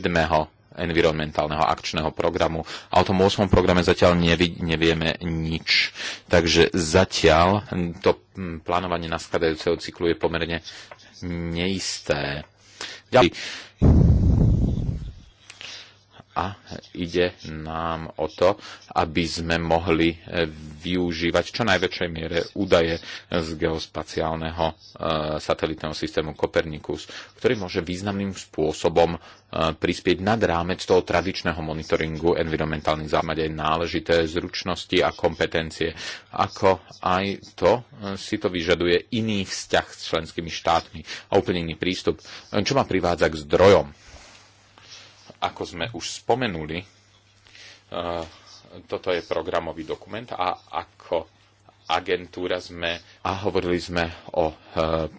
[SPEAKER 2] E, environmentálneho akčného programu a o tom 8. programe zatiaľ nevi, nevieme nič. Takže zatiaľ to plánovanie naskladajúceho cyklu je pomerne neisté. Ďalej a ide nám o to, aby sme mohli e, využívať čo najväčšej miere údaje z geospaciálneho e, satelitného systému Copernicus, ktorý môže významným spôsobom e, prispieť nad rámec toho tradičného monitoringu environmentálnych zámať aj náležité zručnosti a kompetencie, ako aj to si to vyžaduje iný vzťah s členskými štátmi a úplne iný prístup, čo ma privádza k zdrojom ako sme už spomenuli, e, toto je programový dokument a ako agentúra sme a hovorili sme o e,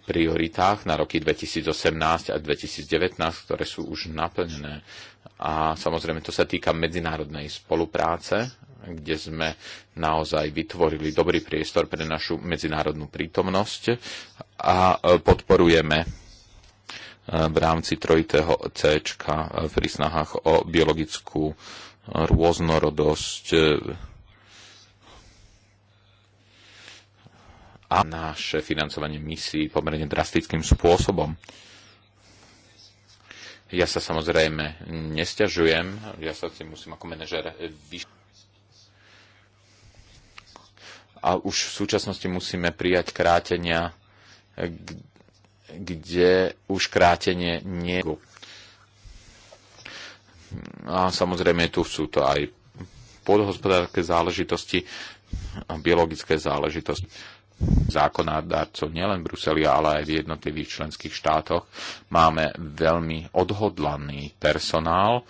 [SPEAKER 2] prioritách na roky 2018 a 2019, ktoré sú už naplnené. A samozrejme to sa týka medzinárodnej spolupráce, kde sme naozaj vytvorili dobrý priestor pre našu medzinárodnú prítomnosť a e, podporujeme v rámci trojitého C pri snahách o biologickú rôznorodosť a naše financovanie misií pomerne drastickým spôsobom. Ja sa samozrejme nestiažujem, ja sa si musím ako manažer vyš- a už v súčasnosti musíme prijať krátenia, kde už krátenie nie je. a samozrejme tu sú to aj podhospodárske záležitosti, biologické záležitosti zákonodárcov nielen v Bruseli, ale aj v jednotlivých členských štátoch. Máme veľmi odhodlaný personál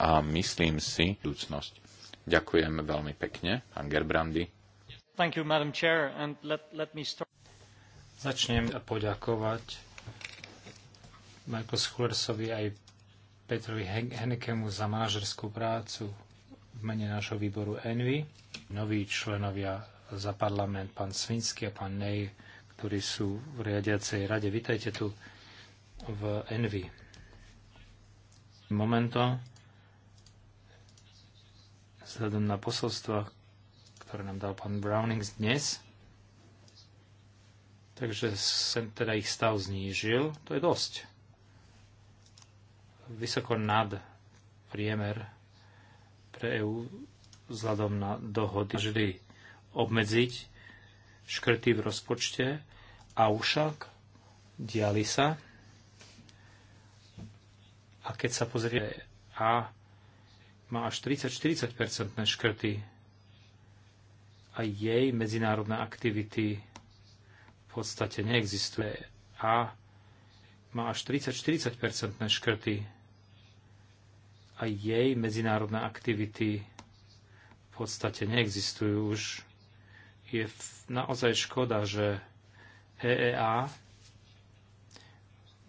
[SPEAKER 2] a myslím si budúcnosť. Ďakujem veľmi pekne, pán Gerbrandy.
[SPEAKER 3] You, Chair, let, let start... Začnem poďakovať Marko Schulersovi aj Petrovi Henekemu za manažerskú prácu v mene nášho výboru Envy. Noví členovia za parlament, pán Svinsky a pán Nej, ktorí sú v riadiacej rade. Vítajte tu v Envy. Momento, vzhľadom na posolstva, ktoré nám dal pán Browning dnes, Takže sem teda ich stav znížil. To je dosť. Vysoko nad priemer pre EU vzhľadom na dohody Žili obmedziť škrty v rozpočte, avšak diali sa. A keď sa pozrie A, má až 30-40% škrty a jej medzinárodné aktivity v podstate neexistuje a má až 30-40% škrty a jej medzinárodné aktivity v podstate neexistujú už. Je naozaj škoda, že EEA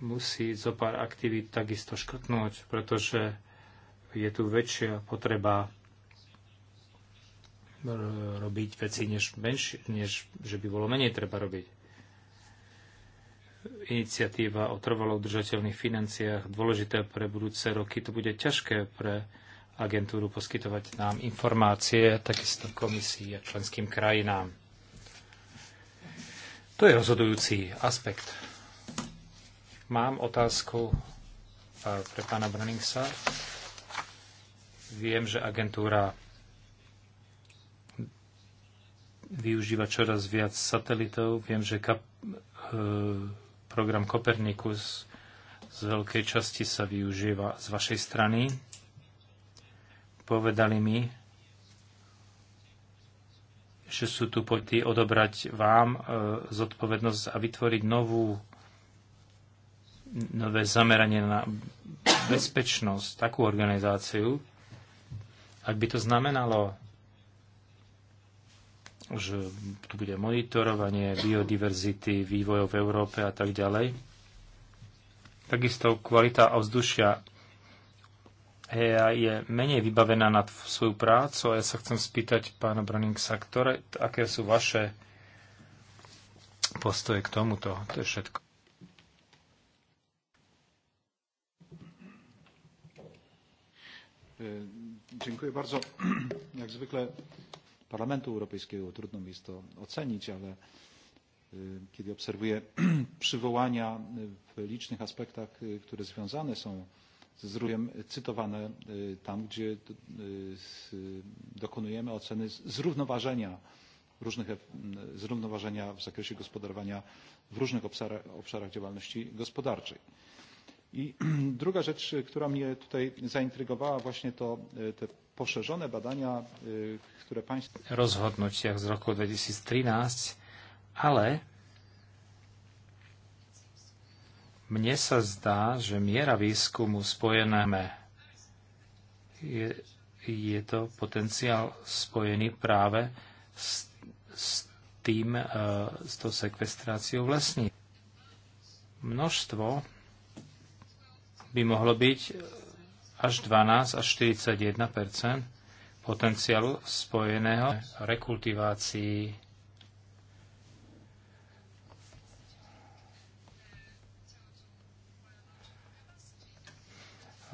[SPEAKER 3] musí zo pár aktivít takisto škrtnúť, pretože je tu väčšia potreba robiť veci, než, menšie, než že by bolo menej treba robiť iniciatíva o trvalo udržateľných financiách dôležité pre budúce roky. To bude ťažké pre agentúru poskytovať nám informácie, takisto komisii a členským krajinám. To je rozhodujúci aspekt. Mám otázku pre pána Brunningsa. Viem, že agentúra využíva čoraz viac satelitov. Viem, že kap- e, Program Kopernikus z veľkej časti sa využíva z vašej strany. Povedali mi, že sú tu poty odobrať vám e, zodpovednosť a vytvoriť novú, nové zameranie na bezpečnosť, takú organizáciu, ak by to znamenalo že tu bude monitorovanie biodiverzity, vývojov v Európe a tak ďalej. Takisto kvalita ovzdušia je menej vybavená na svoju prácu a ja sa chcem spýtať pána Broningsa, ktoré, aké sú vaše postoje k tomuto. To je všetko. Dziękuję bardzo. Jak zwykle Parlamentu Europejskiego. Trudno mi jest to ocenić, ale kiedy obserwuję [CLEARS THROAT] przywołania w licznych aspektach, które związane są ze zdrowiem, cytowane tam, gdzie dokonujemy oceny zrównoważenia różnych, zrównoważenia w zakresie gospodarowania w różnych obszarach, obszarach działalności gospodarczej. I [CLEARS THROAT] druga rzecz, która mnie tutaj zaintrygowała, właśnie to te poszerzone badania, które państwo... rozhodnutiach z roku 2013, ale mnie się zdá, že miera výskumu spojené je, je to potenciál spojený prawe s, z tym, z e, s tou sekvestráciou lesní. Množstvo by mohlo byť až 12 až 41 potenciálu spojeného rekultivácií.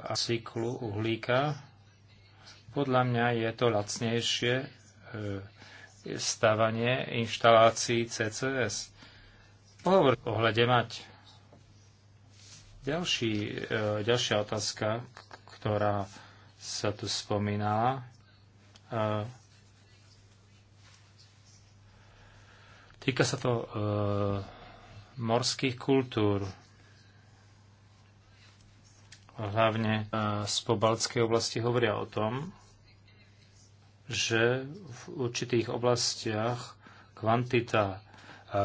[SPEAKER 3] a cyklu uhlíka. Podľa mňa je to lacnejšie e, stavanie inštalácií CCS. Pohovor ohľade mať. Ďalší, e, ďalšia otázka, ktorá sa tu spomína. E, týka sa to e, morských kultúr, hlavne e, z pobaltskej oblasti hovoria o tom, že v určitých oblastiach kvantita e,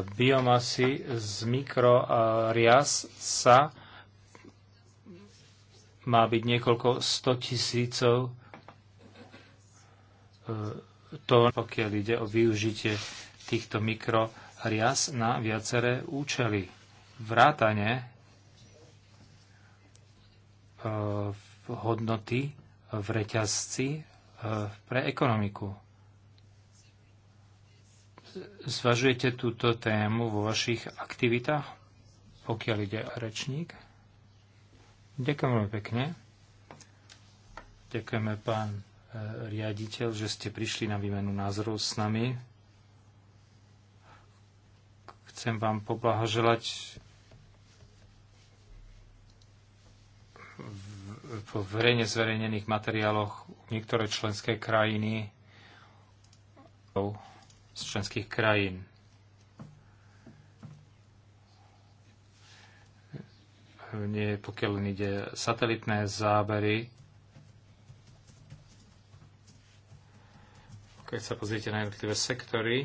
[SPEAKER 3] biomasy z mikroriaz sa má byť niekoľko stotisícov e, tón, pokiaľ ide o využitie týchto mikrorias na viaceré účely. Vrátane e, hodnoty v reťazci e, pre ekonomiku. Zvažujete túto tému vo vašich aktivitách, pokiaľ ide rečník? Ďakujem veľmi pekne. Ďakujeme, pán e, riaditeľ, že ste prišli na výmenu názorov s nami. Chcem vám poblahoželať po verejne zverejnených materiáloch niektoré členské krajiny z členských krajín. nie pokiaľ ide satelitné zábery. Keď sa pozriete na jednotlivé sektory,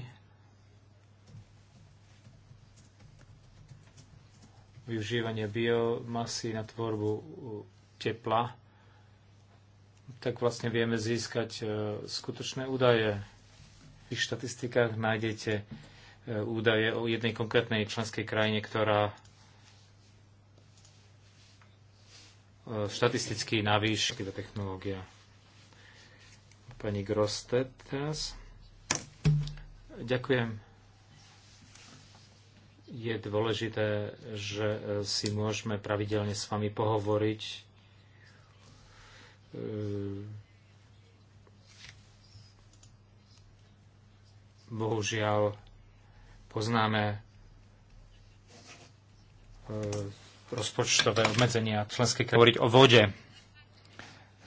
[SPEAKER 3] využívanie biomasy na tvorbu tepla, tak vlastne vieme získať e, skutočné údaje. V tých štatistikách nájdete e, údaje o jednej konkrétnej členskej krajine, ktorá štatistický navýš, tá technológia. Pani Grostet teraz. Ďakujem. Je dôležité, že si môžeme pravidelne s vami pohovoriť. Bohužiaľ, poznáme rozpočtové obmedzenia členské krajiny. Hovoriť o vode.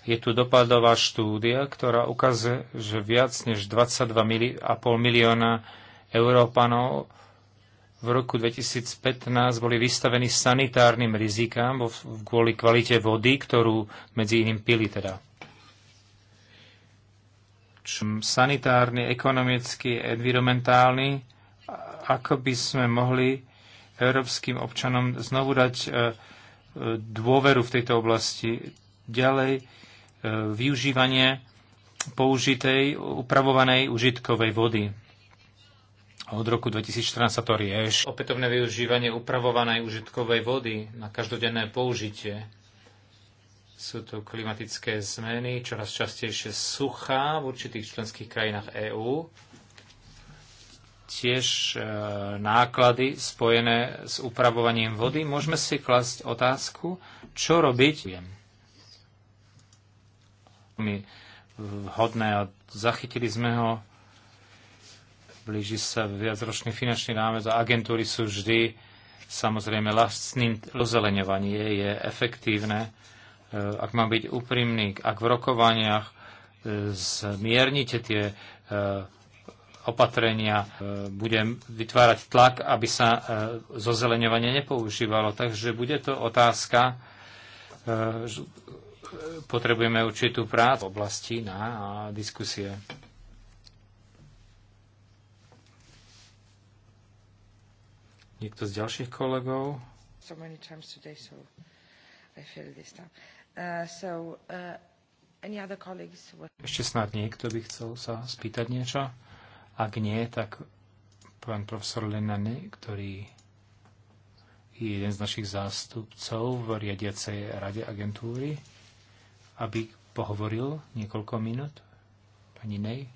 [SPEAKER 3] Je tu dopadová štúdia, ktorá ukazuje, že viac než 22,5 milióna Európanov v roku 2015 boli vystavení sanitárnym rizikám kvôli kvalite vody, ktorú medzi iným pili teda. sanitárny, ekonomický, environmentálny, ako by sme mohli európskym občanom znovu dať e, e, dôveru v tejto oblasti. Ďalej e, využívanie použitej, upravovanej užitkovej vody. Od roku 2014 sa to rieš. Opätovné využívanie upravovanej užitkovej vody na každodenné použitie. Sú to klimatické zmeny, čoraz častejšie suchá v určitých členských krajinách EÚ tiež e, náklady spojené s upravovaním vody, môžeme si klasť otázku, čo robiť. My hodné a zachytili sme ho. Blíži sa viacročný finančný rámec a agentúry sú vždy samozrejme vlastným rozeleňovanie je efektívne. E, ak mám byť úprimný, ak v rokovaniach e, zmiernite tie opatrenia, e, bude vytvárať tlak, aby sa e, zozeleňovanie nepoužívalo. Takže bude to otázka, e, potrebujeme určitú prácu v oblasti na diskusie. Niekto z ďalších kolegov?
[SPEAKER 1] So many times today, so I feel this time. Uh, so, uh, any other colleagues? Ešte
[SPEAKER 3] snad niekto by chcel sa spýtať niečo? Ak nie, tak pán profesor Lenane, ktorý je jeden z našich zástupcov v riadiacej rade agentúry, aby pohovoril niekoľko minút. Pani Nej.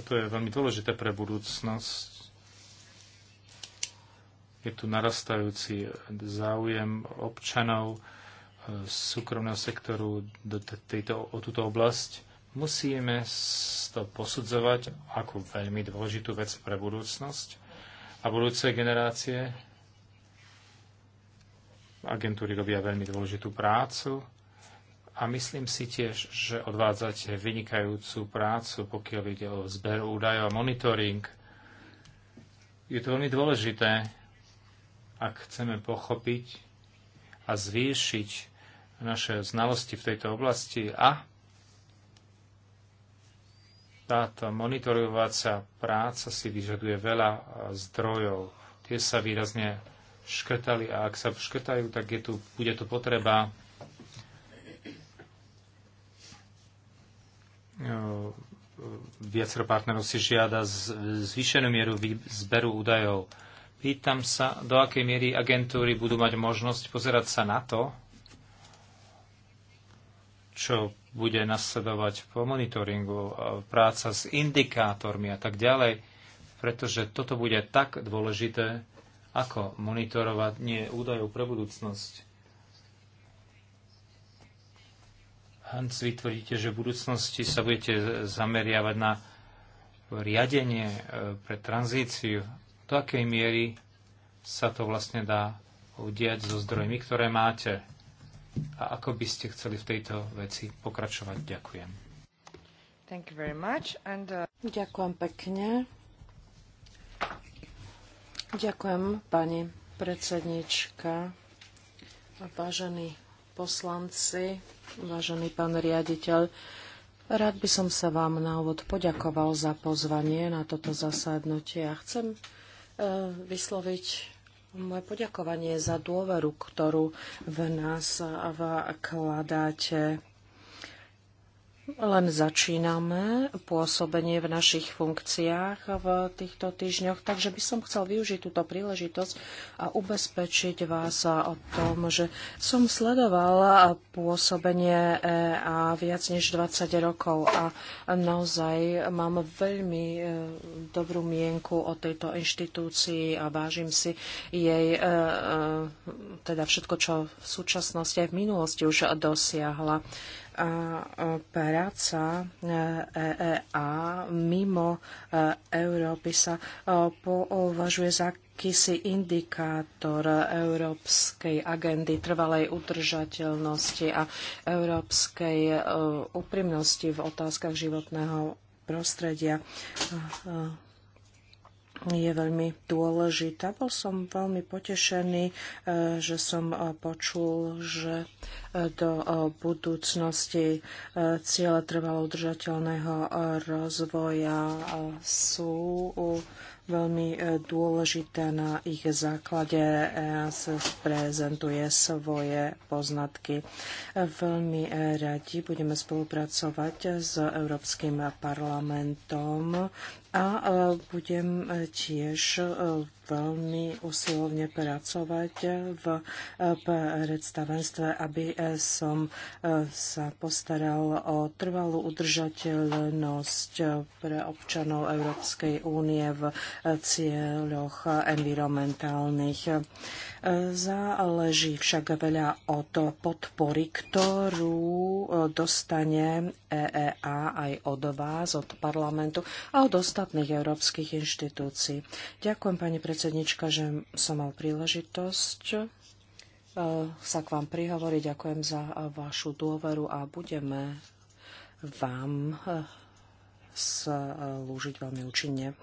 [SPEAKER 3] Toto je veľmi dôležité pre budúcnosť. Je tu narastajúci záujem občanov, súkromného sektoru do tejto, o túto oblasť. Musíme to posudzovať ako veľmi dôležitú vec pre budúcnosť a budúce generácie. Agentúry robia veľmi dôležitú prácu a myslím si tiež, že odvádzate vynikajúcu prácu, pokiaľ ide o zber údajov a monitoring. Je to veľmi dôležité, ak chceme pochopiť a zvýšiť naše znalosti v tejto oblasti a táto monitorovacia práca si vyžaduje veľa e, zdrojov. Tie sa výrazne škrtali a ak sa škrtajú, tak je tu, bude tu potreba e, e, viacero partnerov si žiada zvýšenú mieru zberu údajov Pýtam sa, do akej miery agentúry budú mať možnosť pozerať sa na to, čo bude nasledovať po monitoringu, práca s indikátormi a tak ďalej, pretože toto bude tak dôležité, ako nie údajov pre budúcnosť. Hans, vytvoríte, že v budúcnosti sa budete zameriavať na riadenie e, pre tranzíciu do akej miery sa to vlastne dá udiať so zdrojmi, ktoré máte a ako by ste chceli v tejto veci pokračovať. Ďakujem.
[SPEAKER 1] Thank you very much and, uh... Ďakujem pekne. Ďakujem, pani predsednička. Vážení poslanci, vážený pán riaditeľ, rád by som sa vám na úvod poďakoval za pozvanie na toto zasadnutie a chcem E, vysloviť moje poďakovanie za dôveru, ktorú v nás vkladáte. Len začíname pôsobenie v našich funkciách v týchto týždňoch, takže by som chcel využiť túto príležitosť a ubezpečiť vás o tom, že som sledovala pôsobenie e a viac než 20 rokov a naozaj mám veľmi e, dobrú mienku o tejto inštitúcii a vážim si jej e, teda všetko, čo v súčasnosti aj v minulosti už dosiahla a práca EEA e mimo e, Európy sa e, považuje za akýsi indikátor európskej agendy trvalej udržateľnosti a európskej úprimnosti v otázkach životného prostredia je veľmi dôležitá. Bol som veľmi potešený, e, že som e, počul, že e, do budúcnosti ciele trvalo udržateľného rozvoja sú veľmi e, dôležité. Na ich základe EAS prezentuje svoje poznatky. E, veľmi e, radi budeme spolupracovať s Európskym parlamentom a budem tiež veľmi usilovne pracovať v eh, predstavenstve, aby eh, som eh, sa postaral o trvalú udržateľnosť pre občanov Európskej únie v cieľoch environmentálnych. Záleží však veľa od podpory, ktorú e, dostane EEA aj od vás, od parlamentu a od ostatných európskych inštitúcií. Ďakujem, pani predsednička, že som mal príležitosť e, sa k vám prihovoriť. Ďakujem za e, vašu dôveru a budeme vám slúžiť veľmi účinne.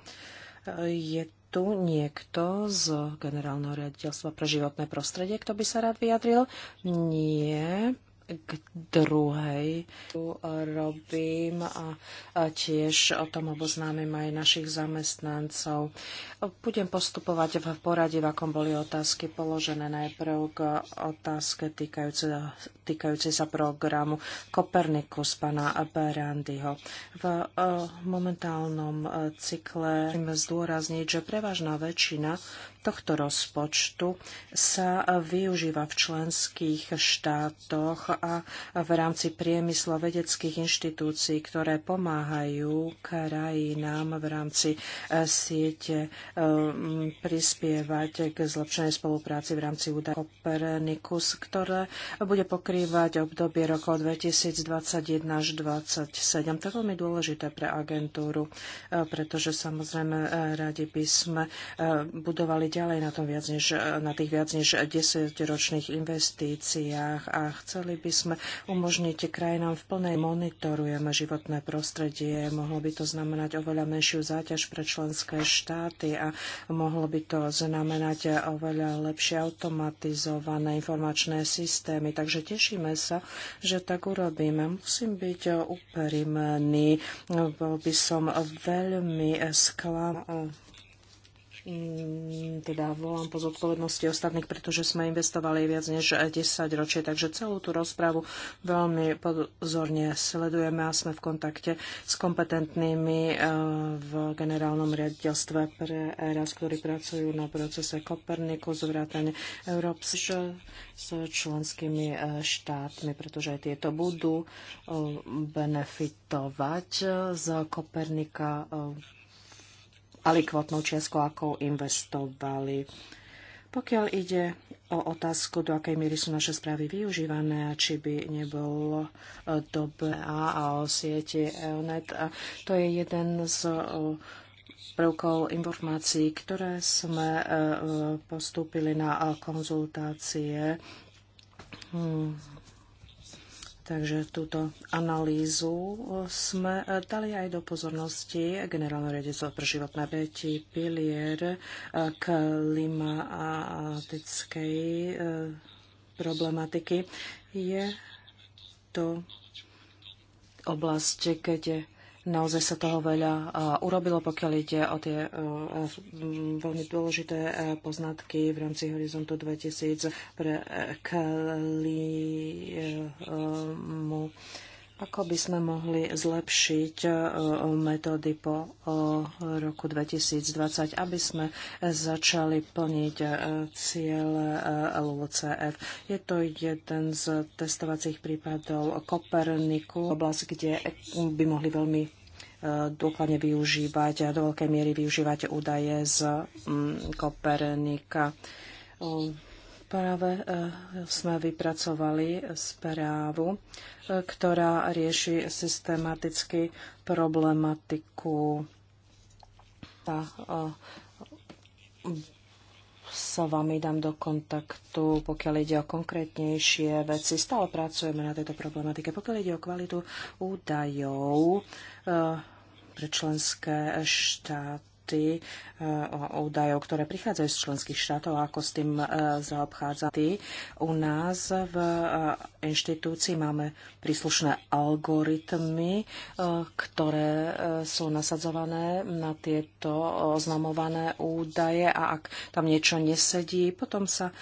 [SPEAKER 1] Je tu niekto z Generálneho riaditeľstva pre životné prostredie, kto by sa rád vyjadril? Nie k druhej. Tu robím a tiež o tom oboznámim aj našich zamestnancov. Budem postupovať v poradí, v akom boli otázky položené najprv k otázke týkajúce, týkajúce sa programu Kopernikus pana Berandyho. V e, momentálnom cykle chcem zdôrazniť, že prevažná väčšina tohto rozpočtu sa využíva v členských štátoch a v rámci priemyslo vedeckých inštitúcií, ktoré pomáhajú krajinám v rámci eh, siete eh, prispievať k zlepšenej spolupráci v rámci údaj Kopernikus, ktoré bude pokrývať obdobie rokov 2021 až 2027. To je veľmi dôležité pre agentúru, eh, pretože samozrejme radi by sme budovali ďalej na, tom viac než, eh, na tých viac než 10-ročných investíciách a chceli by sme umožniť krajinám v plnej monitorujeme životné prostredie. Mohlo by to znamenať oveľa menšiu záťaž pre členské štáty a mohlo by to znamenať oveľa lepšie automatizované informačné systémy. Takže tešíme sa, že tak urobíme. Musím byť úperimný. Bol by som veľmi eh, sklamaný Mm, teda volám po zodpovednosti ostatných, pretože sme investovali viac než 10 ročie, takže celú tú rozprávu veľmi pozorne sledujeme a sme v kontakte s kompetentnými eh, v generálnom riaditeľstve pre ERAS, ktorí pracujú na procese Koperniku, zvrátane Európsy s členskými eh, štátmi, pretože aj tieto budú eh, benefitovať z Kopernika alikvotnú čiasku, ako investovali. Pokiaľ ide o otázku, do akej miery sú naše správy využívané a či by nebol e, dobre a o siete EONET. A to je jeden z e, prvkov informácií, ktoré sme e, postúpili na konzultácie hmm. Takže túto analýzu sme eh, dali aj do pozornosti generálneho riaditeľa pre životné veci, pilier eh, klimatickej eh, problematiky. Je to oblasti, kde Naozaj sa toho veľa urobilo, pokiaľ ide o tie veľmi dôležité poznatky v rámci Horizontu 2000 pre e, klímu ako by sme mohli zlepšiť e, e, metódy po e, roku 2020, aby sme začali plniť cieľ LUCF? Je to jeden z testovacích prípadov Koperniku, oblasť, kde by mohli veľmi dôkladne využívať, a do veľkej miery využívať údaje z mm, Kopernika. Práve e, sme vypracovali správu, e, ktorá rieši systematicky problematiku. Tá sa vami dám do kontaktu, pokiaľ ide o konkrétnejšie veci. Stále pracujeme na tejto problematike. Pokiaľ ide o kvalitu údajov e, pre členské štáty, hodnoty eh, údajov, ktoré prichádzajú z členských štátov, ako s tým eh, zaobchádza. U nás v eh, inštitúcii máme príslušné algoritmy, ktoré sú nasadzované na tieto oznamované údaje a ak tam niečo nesedí, potom sa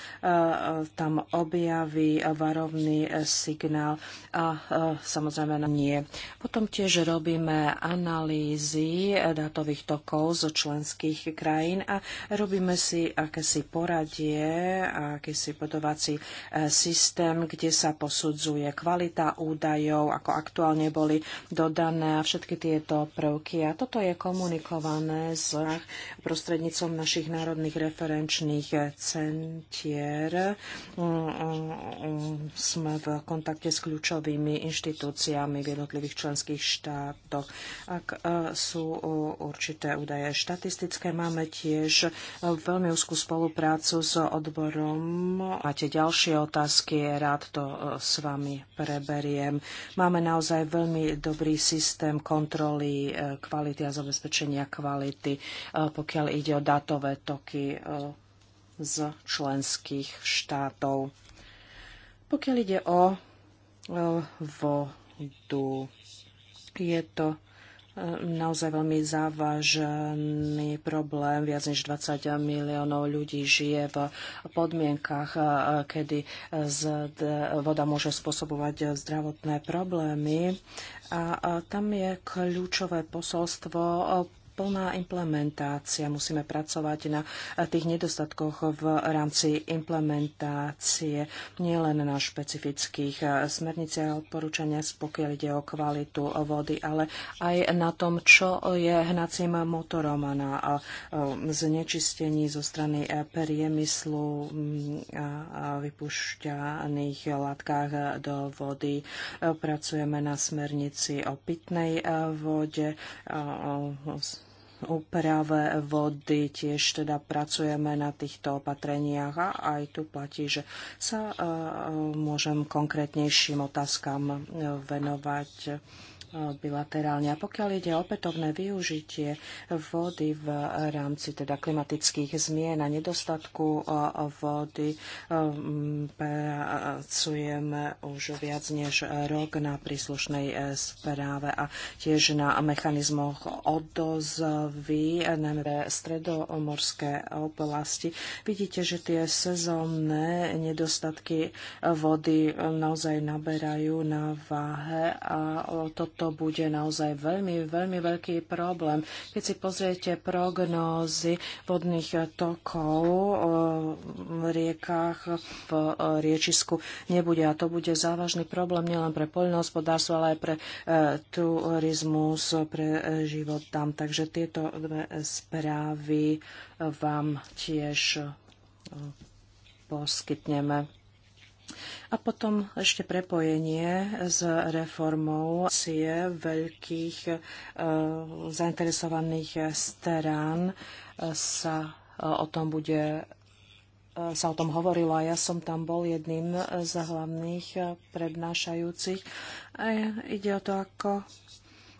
[SPEAKER 1] tam objaví varovný signál a samozrejme nie. Potom tiež robíme analýzy dátových tokov z členských krajín a robíme si akési poradie a akýsi podovací e, systém, kde sa posudzuje kvalita údajov, ako aktuálne boli dodané a všetky tieto prvky. A toto je komunikované s prostrednícom našich národných referenčných centier. Mm, mm, mm, sme v kontakte s kľúčovými inštitúciami v jednotlivých členských štátoch. Ak e, sú určité údaje štatistické. Máme tiež e, veľmi úzkú spoluprácu s odborom. Máte ďalšie otázky, rád to e, s vami preberiem. Máme naozaj veľmi dobrý systém kontroly e, kvality a zabezpečenia kvality, pokiaľ ide o datové toky z členských štátov. Pokiaľ ide o vodu, je to naozaj veľmi závažný problém. Viac než 20 miliónov ľudí žije v podmienkach, kedy voda môže spôsobovať zdravotné problémy. A tam je kľúčové posolstvo plná implementácia. Musíme pracovať na tých nedostatkoch v rámci implementácie nielen na špecifických smerniciach a pokiaľ ide o kvalitu vody, ale aj na tom, čo je hnacím motorom na znečistení zo strany priemyslu mm, a vypušťaných látkách do vody. Pracujeme na smernici o pitnej vode, úprave vody tiež teda pracujeme na týchto opatreniach a aj tu platí, že sa e, e, môžem konkrétnejším otázkam e, venovať bilaterálne. A pokiaľ ide o opätovné využitie vody v rámci teda klimatických zmien a nedostatku e, vody, e, pracujeme už viac než rok na príslušnej e, správe a tiež na mechanizmoch odozvy, najmä stredomorské oblasti. Vidíte, že tie sezónne nedostatky vody naozaj naberajú na váhe a toto to bude naozaj veľmi, veľmi veľký problém. Keď si pozriete prognózy vodných tokov eh, v riekách v eh, riečisku, nebude. A to bude závažný problém nielen pre poľnohospodárstvo, ale aj pre eh, turizmus, pre život tam. Takže tieto dve správy vám tiež poskytneme. A potom ešte prepojenie s reformou sie veľkých e, zainteresovaných strán eh, sa e, o tom bude sa o tom hovorilo a ja som tam bol jedným z hlavných prednášajúcich. A ide o to, ako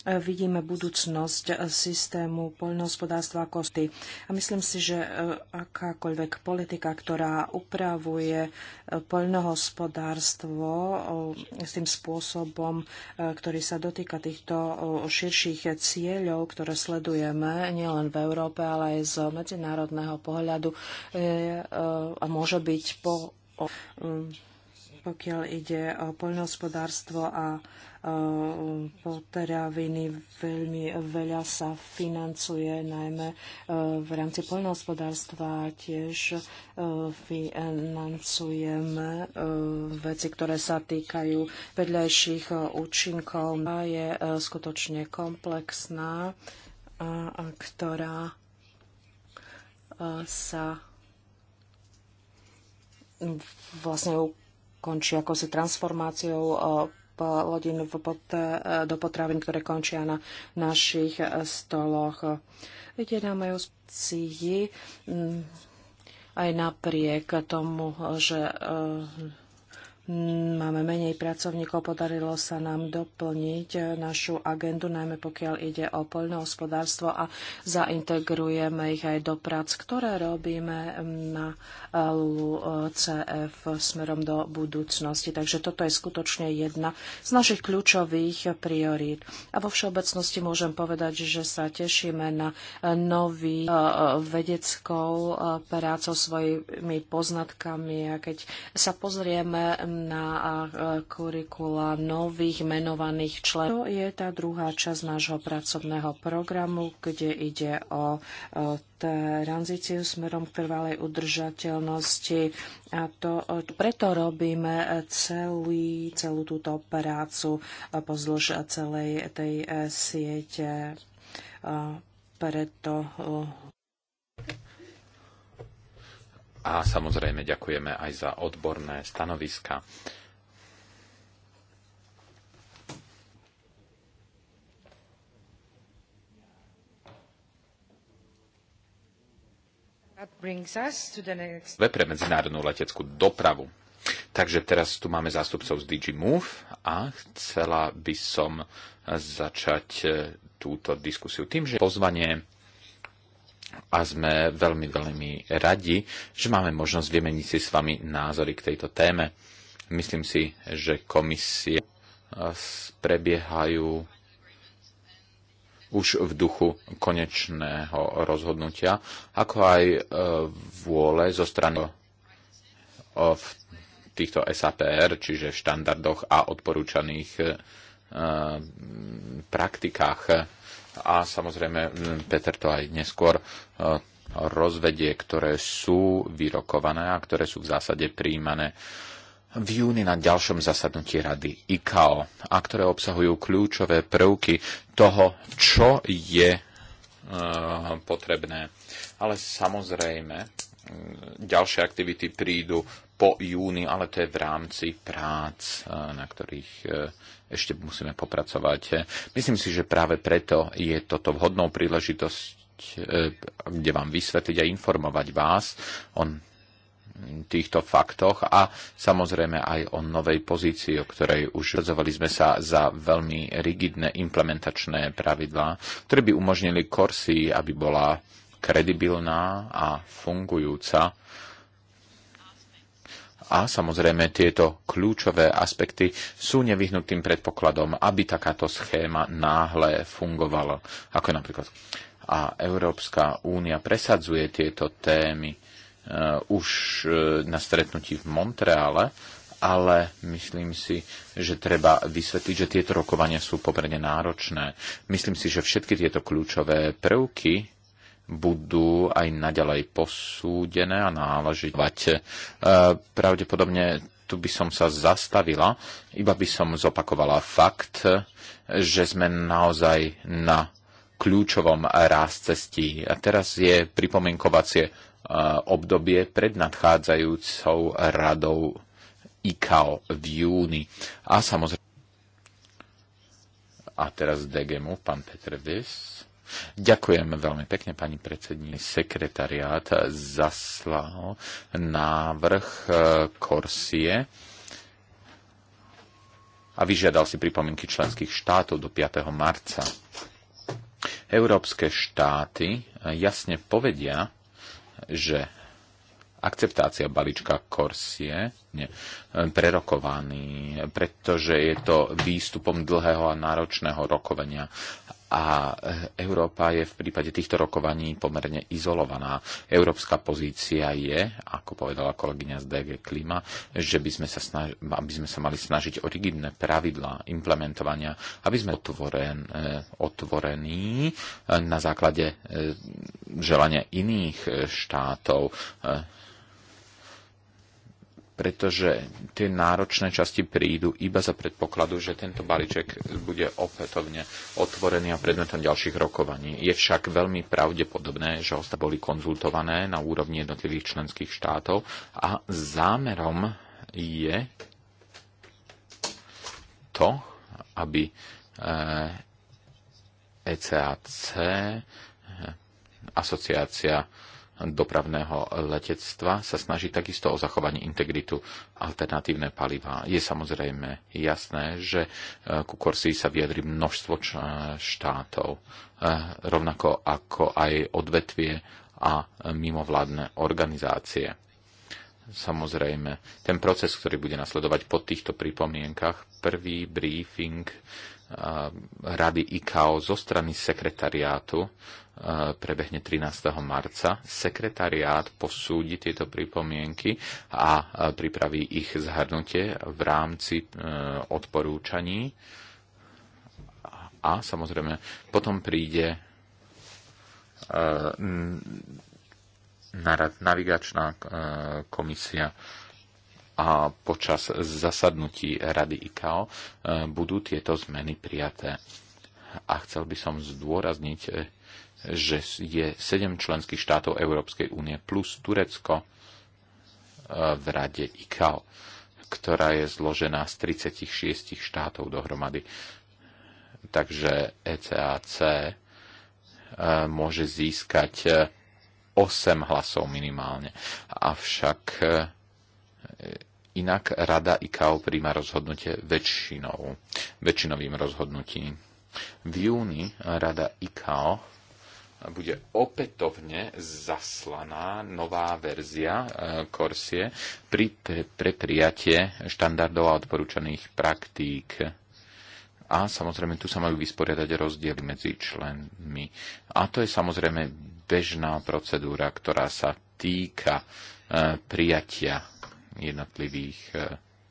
[SPEAKER 1] vidíme budúcnosť systému poľnohospodárstva a kosty. A myslím si, že e, akákoľvek politika, ktorá upravuje e, poľnohospodárstvo s tým spôsobom, e, ktorý sa dotýka týchto širších cieľov, ktoré sledujeme nielen v Európe, ale aj z medzinárodného pohľadu a môže byť po pokiaľ ide o poľnohospodárstvo a e, potraviny, veľmi veľa sa financuje najmä e, v rámci poľnohospodárstva tiež e, financujeme veci, ktoré sa týkajú vedľajších účinkov. A je skutočne komplexná, a ktorá sa vlastne končí si transformáciou eh, plodín eh, do potravín, ktoré končia na našich eh, stoloch. Ide nám majú mm, aj napriek tomu, že Máme menej pracovníkov, podarilo sa nám doplniť eh, našu agendu, najmä pokiaľ ide o poľnohospodárstvo a zaintegrujeme ich aj do prác, ktoré robíme na eh, LUCF smerom do budúcnosti. Takže toto je skutočne jedna z našich kľúčových priorít. A vo všeobecnosti môžem povedať, že sa tešíme na eh, nový vedeckou prácou svojimi poznatkami a keď sa pozrieme na kurikula nových menovaných členov. To je tá druhá časť nášho pracovného programu, kde ide o tranzíciu smerom k trvalej udržateľnosti. A to, preto robíme celý, celú túto prácu pozdĺž celej tej e, siete. Preto
[SPEAKER 2] a samozrejme ďakujeme aj za odborné stanoviska. Vepre medzinárodnú leteckú dopravu. Takže teraz tu máme zástupcov z DigiMove a chcela by som začať eh, túto diskusiu tým, že pozvanie a sme veľmi, veľmi radi, že máme možnosť vymeniť si s vami názory k tejto téme. Myslím si, že komisie eh, prebiehajú už v duchu konečného rozhodnutia, ako aj eh, vôle zo strany eh, v týchto SAPR, čiže v štandardoch a odporúčaných praktikách a samozrejme mm, Peter to aj neskôr e, rozvedie, ktoré sú vyrokované a ktoré sú v zásade príjmané v júni na ďalšom zasadnutí rady ICAO a ktoré obsahujú kľúčové prvky toho, čo je e, potrebné. Ale samozrejme, mm, ďalšie aktivity prídu po júni, ale to je v rámci prác, e, na ktorých e, ešte musíme popracovať. E, myslím si, že práve preto je toto vhodnou príležitosť, kde vám vysvetliť a informovať vás o týchto faktoch a samozrejme aj o novej pozícii, o ktorej už rozhovali sme sa za veľmi rigidné implementačné pravidlá, ktoré by umožnili Korsi, aby bola kredibilná a fungujúca a samozrejme tieto kľúčové aspekty sú nevyhnutým predpokladom, aby takáto schéma náhle fungovala. Ako napríklad. A Európska únia presadzuje tieto témy uh, už uh, na stretnutí v Montreale, ale myslím si, že treba vysvetliť, že tieto rokovania sú pomerne náročné. Myslím si, že všetky tieto kľúčové prvky budú aj naďalej posúdené a náležiť. E, pravdepodobne tu by som sa zastavila, iba by som zopakovala fakt, že sme naozaj na kľúčovom ráz cestí. A teraz je pripomienkovacie e, obdobie pred nadchádzajúcou radou ICAO v júni. A samozrejme a teraz DGMu, pán Petr Vis. Ďakujem veľmi pekne, pani predsední. Sekretariát zaslal návrh e, Korsie a vyžiadal si pripomienky členských štátov do 5. marca. Európske štáty jasne povedia, že akceptácia balíčka Korsie nie, prerokovaný, pretože je to výstupom dlhého a náročného rokovania a eh, Európa je v prípade týchto rokovaní pomerne izolovaná. Európska pozícia je, ako povedala kolegyňa z DG Klima, že by sme sa, snaž- aby sme sa mali snažiť o rigidné pravidlá implementovania, aby sme otvoren, eh, otvorení eh, na základe želania iných štátov pretože tie náročné časti prídu iba za predpokladu, že tento balíček bude opätovne otvorený a predmetom ďalších rokovaní. Je však veľmi pravdepodobné, že osta boli konzultované na úrovni jednotlivých členských štátov a zámerom je to, aby ECAC, eh, e eh, asociácia dopravného letectva sa snaží takisto o zachovanie integritu alternatívne paliva. Je samozrejme jasné, že e, ku Korsi sa vyjadri množstvo štátov, e, rovnako ako aj odvetvie a mimovládne organizácie. Samozrejme, ten proces, ktorý bude nasledovať po týchto pripomienkach, prvý briefing e, Rady ICAO zo strany sekretariátu E, prebehne 13. marca. Sekretariát posúdi tieto pripomienky a e, pripraví ich zhrnutie v rámci e, odporúčaní. A samozrejme, potom príde navigačná komisia a počas zasadnutí Rady ICAO budú tieto zmeny prijaté. A chcel by som zdôrazniť že je 7 členských štátov Európskej únie plus Turecko e, v rade ICAO, ktorá je zložená z 36 štátov dohromady. Takže ECAC e, môže získať 8 e, hlasov minimálne. Avšak inak Rada ICAO príjma rozhodnutie väčšinou, väčšinovým rozhodnutím. V júni Rada ICAO bude opätovne zaslaná nová verzia Korsie e, pri pre prijatie štandardov a odporúčaných praktík. A samozrejme, tu sa majú vysporiadať rozdiely medzi členmi. A to je samozrejme bežná procedúra, ktorá sa týka e, prijatia jednotlivých e,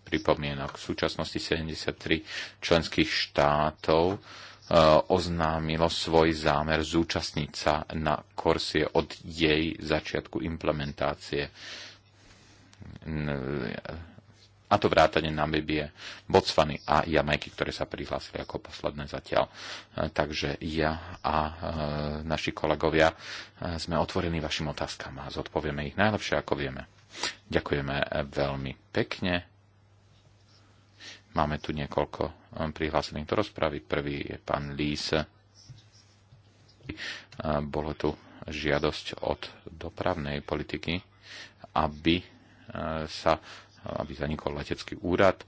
[SPEAKER 2] pripomienok. V súčasnosti 73 členských štátov E, oznámilo svoj zámer zúčastniť sa na Korsie od jej začiatku implementácie. A to vrátane Namibie, Botswany a Jamajky, ktoré sa prihlásili ako posledné zatiaľ. E, takže ja a e, naši kolegovia sme otvorení vašim otázkam a zodpovieme ich najlepšie, ako vieme. Ďakujeme veľmi pekne Máme tu niekoľko um, prihlásených do rozpravy. Prvý je pán Lís. Bolo tu žiadosť od dopravnej politiky, aby e, sa aby zanikol letecký úrad,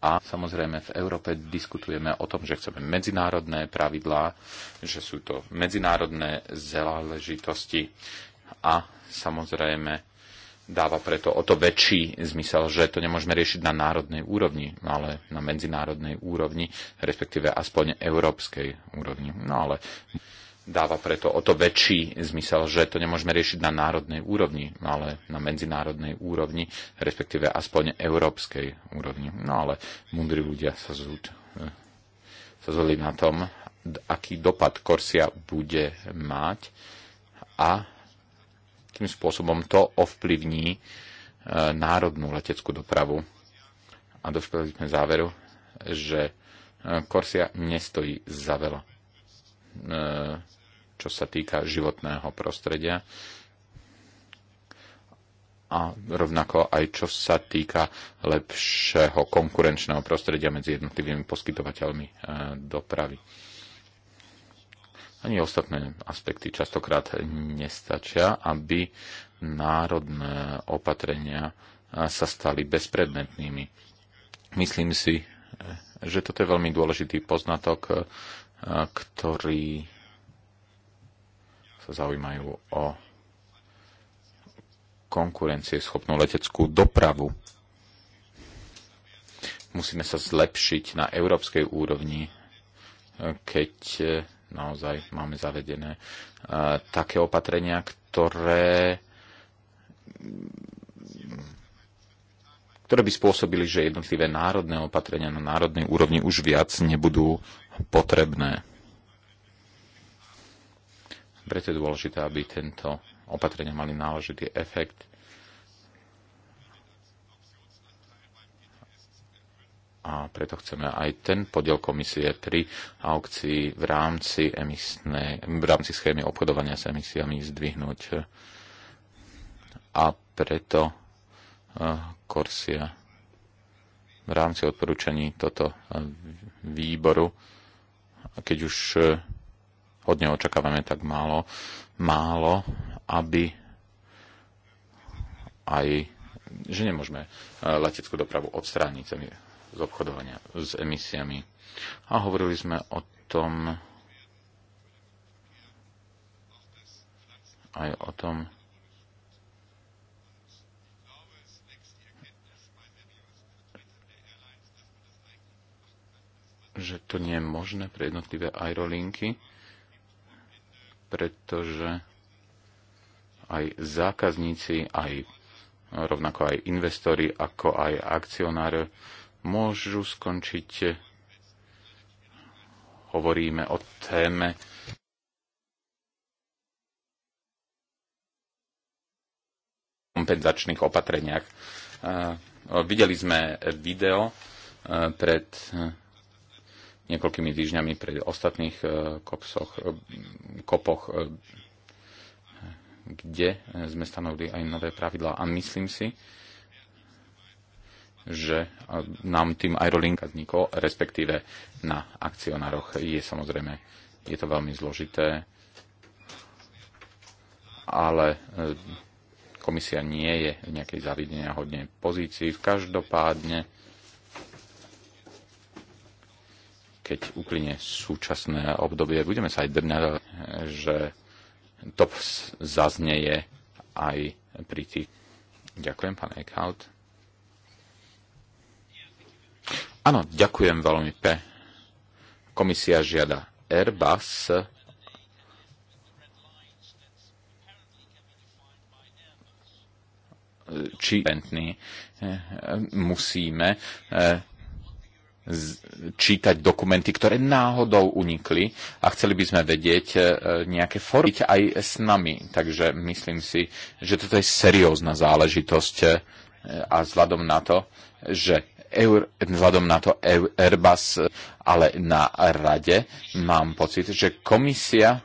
[SPEAKER 2] a samozrejme v Európe diskutujeme o tom, že chceme medzinárodné pravidlá, že sú to medzinárodné záležitosti a samozrejme dáva preto o to väčší zmysel, že to nemôžeme riešiť na národnej úrovni, no ale na medzinárodnej úrovni, respektíve aspoň európskej úrovni. No ale dáva preto o to väčší zmysel, že to nemôžeme riešiť na národnej úrovni, no ale na medzinárodnej úrovni, respektíve aspoň európskej úrovni. No ale múdri ľudia sa, zúd, sa zhodli na tom, aký dopad Korsia bude mať a tým spôsobom to ovplyvní e, národnú leteckú dopravu. A došli sme záveru, že Korsia e, nestojí za veľa, e, čo sa týka životného prostredia a rovnako aj čo sa týka lepšieho konkurenčného prostredia medzi jednotlivými poskytovateľmi dopravy. Ani ostatné aspekty častokrát nestačia, aby národné opatrenia sa stali bezpredmetnými. Myslím si, že toto je veľmi dôležitý poznatok, ktorý sa zaujímajú o konkurencieschopnú leteckú dopravu. Musíme sa zlepšiť na európskej úrovni, keď naozaj máme zavedené e, také opatrenia, ktoré ktoré by spôsobili, že jednotlivé národné opatrenia na národnej úrovni už viac nebudú potrebné. Preto je dôležité, aby tento opatrenia mali náležitý efekt a preto chceme aj ten podiel komisie pri aukcii v rámci, emisné, v rámci schémy obchodovania s emisiami zdvihnúť. A preto Korsia e, v rámci odporúčaní toto e, výboru, keď už e, od neho očakávame tak málo, málo, aby aj že nemôžeme leteckú dopravu odstrániť z obchodovania s emisiami. A hovorili sme o tom aj o tom, že to nie je možné pre jednotlivé aerolinky, pretože aj zákazníci, aj rovnako aj investori, ako aj akcionári môžu skončiť. Hovoríme o téme kompenzačných opatreniach. E, videli sme video e, pred e, niekoľkými týždňami pri ostatných kopsoch, kopoch, kde sme stanovili aj nové pravidlá. A myslím si, že nám tým aj vznikol, respektíve na akcionároch je samozrejme, je to veľmi zložité, ale e, komisia nie je v nejakej zavidenia hodne pozícii. V každopádne, keď uplyne súčasné obdobie, budeme sa aj drňať, že to zaznieje aj pri tých. Ďakujem, pán Eckhout. Áno, ďakujem veľmi pe. Komisia žiada Airbus či Bentley, eh, musíme eh, čítať dokumenty, ktoré náhodou unikli a chceli by sme vedieť eh, nejaké formy aj s nami. Takže myslím si, že toto je seriózna záležitosť a vzhľadom na to, že eur, vzhľadom na to Airbus, ale na rade mám pocit, že komisia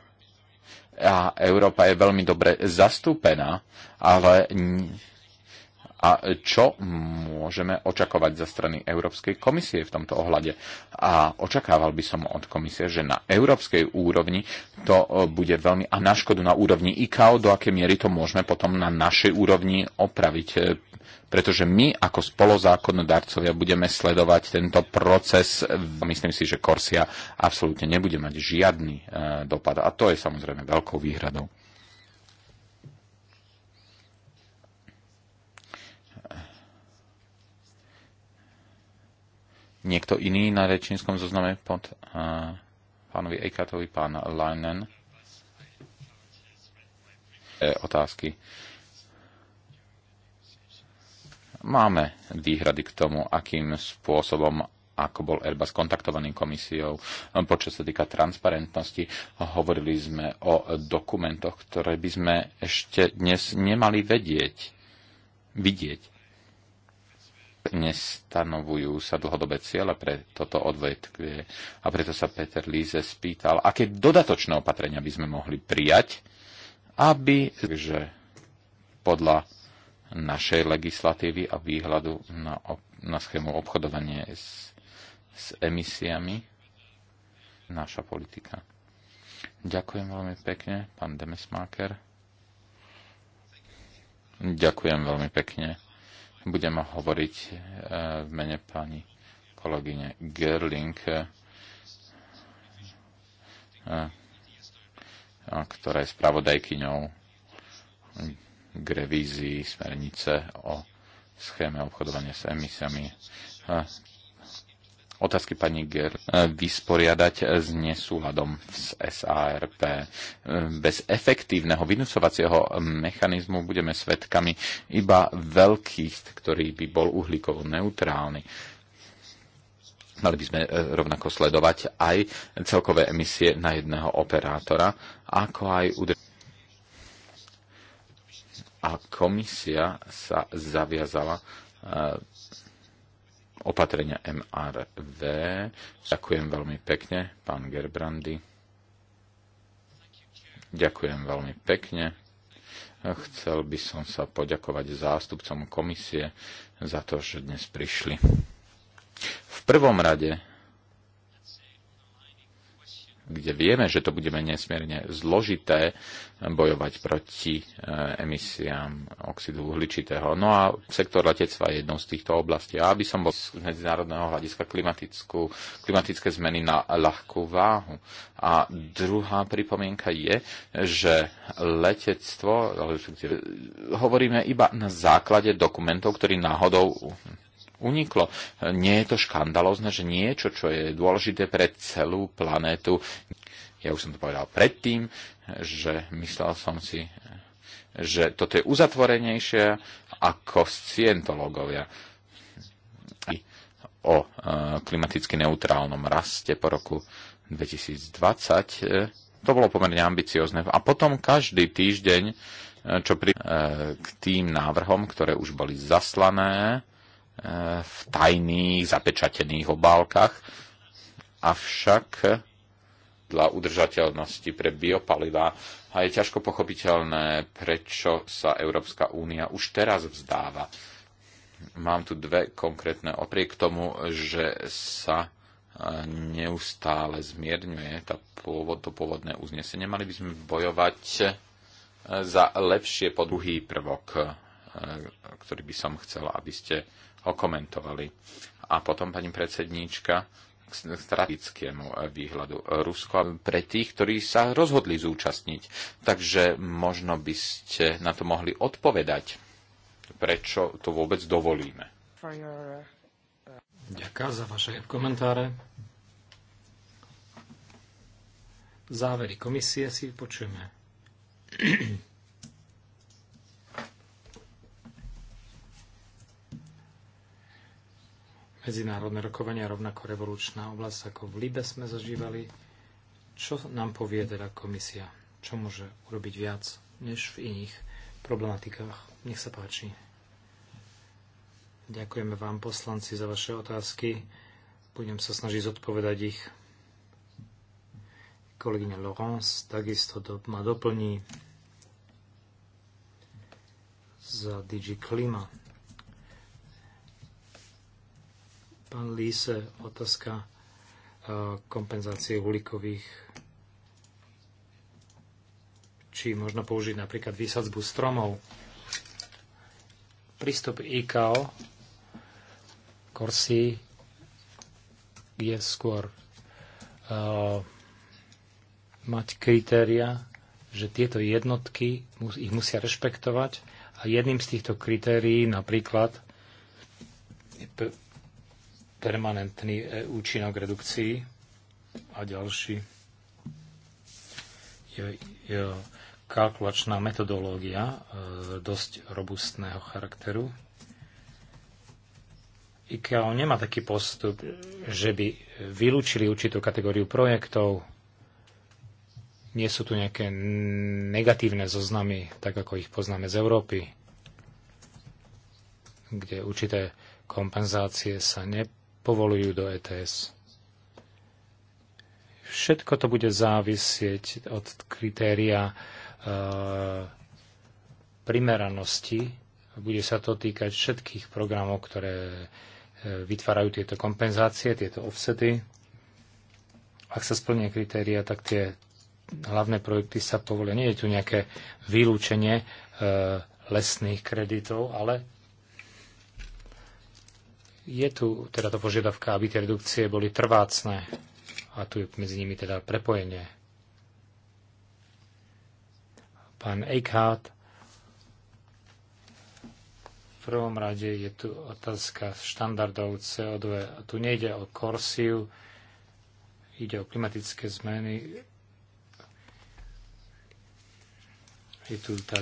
[SPEAKER 2] a Európa je veľmi dobre zastúpená, ale a čo môžeme očakovať zo strany Európskej komisie v tomto ohľade. A očakával by som od komisie, že na európskej úrovni to e, bude veľmi a na škodu na úrovni IKO, do aké miery to môžeme potom na našej úrovni opraviť e, pretože my ako spolozákonodarcovia budeme sledovať tento proces. Myslím si, že Korsia absolútne nebude mať žiadny e, dopad a to je samozrejme veľkou výhradou. niekto iný na rečníckom zozname pod uh, pánovi Eikatovi, pán Leinen. E, otázky. Máme výhrady k tomu, akým spôsobom ako bol Airbus kontaktovaný komisiou, eh, počas sa týka transparentnosti. Hovorili sme o dokumentoch, ktoré by sme ešte dnes nemali vedieť, vidieť nestanovujú sa dlhodobé ciele pre toto odvetvie. A preto sa Peter Líze spýtal, aké dodatočné opatrenia by sme mohli prijať, aby že podľa našej legislatívy a výhľadu na, na schému obchodovanie s, s emisiami naša politika. Ďakujem veľmi pekne, pán Demesmáker. Ďakujem veľmi pekne budem hovoriť e, v mene pani kolegyne Gerling, e, ktorá je spravodajkyňou k revízii smernice o schéme obchodovania s emisiami otázky pani Ger e, vysporiadať e, s nesúladom s SARP. E, bez efektívneho vynúcovacieho mechanizmu budeme svedkami iba veľkých, ktorý by bol uhlíkovo neutrálny. Mali by sme rovnako sledovať aj celkové emisie na jedného operátora, ako aj udržanie a komisia sa zaviazala opatrenia MRV. Ďakujem veľmi pekne, pán Gerbrandy. Ďakujem veľmi pekne. Chcel by som sa poďakovať zástupcom komisie za to, že dnes prišli. V prvom rade kde vieme, že to budeme nesmierne zložité bojovať proti e, emisiám oxidu uhličitého. No a sektor letectva je jednou z týchto oblastí. A aby som bol z medzinárodného hľadiska klimatickú, klimatické zmeny na ľahkú váhu. A druhá pripomienka je, že letectvo, e, hovoríme iba na základe dokumentov, ktorý náhodou uniklo. Nie je to škandalozne, že niečo, čo je dôležité pre celú planétu, ja už som to povedal predtým, že myslel som si, že toto je uzatvorenejšie ako scientológovia o e, klimaticky neutrálnom raste po roku 2020. E, to bolo pomerne ambiciozne. A potom každý týždeň, e, čo pri, k tým návrhom, ktoré už boli zaslané, v tajných zapečatených obálkach, avšak dla udržateľnosti pre biopalivá a je ťažko pochopiteľné, prečo sa Európska únia už teraz vzdáva. Mám tu dve konkrétne opriek tomu, že sa e, neustále zmierňuje tá pôvod, to pôvodné uznesenie. Mali by sme bojovať e, za lepšie podruhý prvok, e, ktorý by som chcel, aby ste okomentovali. A potom pani predsedníčka k strategickému e, výhľadu e, Rusko pre tých, ktorí sa rozhodli zúčastniť. Takže možno by ste na to mohli odpovedať, prečo to vôbec dovolíme.
[SPEAKER 4] E,
[SPEAKER 3] Ďakujem za vaše komentáre. Závery komisie si počujeme. medzinárodné rokovania, rovnako revolučná oblasť, ako v Libe sme zažívali. Čo nám povie teda komisia? Čo môže urobiť viac než v iných problematikách? Nech sa páči. Ďakujeme vám, poslanci, za vaše otázky. Budem sa snažiť zodpovedať ich. Kolegyňa Laurence takisto do, ma doplní za DG Klima Pán Líse, otázka e, kompenzácie uhlíkových či možno použiť napríklad výsadzbu stromov. Prístup IKO Korsi je skôr uh, mať kritéria, že tieto jednotky ich musia rešpektovať a jedným z týchto kritérií napríklad permanentný e, účinok redukcií a ďalší je, je kalkulačná metodológia e, dosť robustného charakteru. IKEA nemá taký postup, že by vylúčili určitú kategóriu projektov. Nie sú tu nejaké negatívne zoznamy, tak ako ich poznáme z Európy, kde určité kompenzácie sa ne, povolujú do ETS. Všetko to bude závisieť od kritéria e, primeranosti. Bude sa to týkať všetkých programov, ktoré e, vytvárajú tieto kompenzácie, tieto offsety. Ak sa splnia kritéria, tak tie hlavné projekty sa povolia. Nie je tu nejaké vylúčenie e, lesných kreditov, ale je tu teda to požiadavka, aby tie redukcie boli trvácne a tu je medzi nimi teda prepojenie. Pán Eichhardt, v prvom rade je tu otázka štandardov CO2. A tu nejde o korsiu, ide o klimatické zmeny. Je tu tá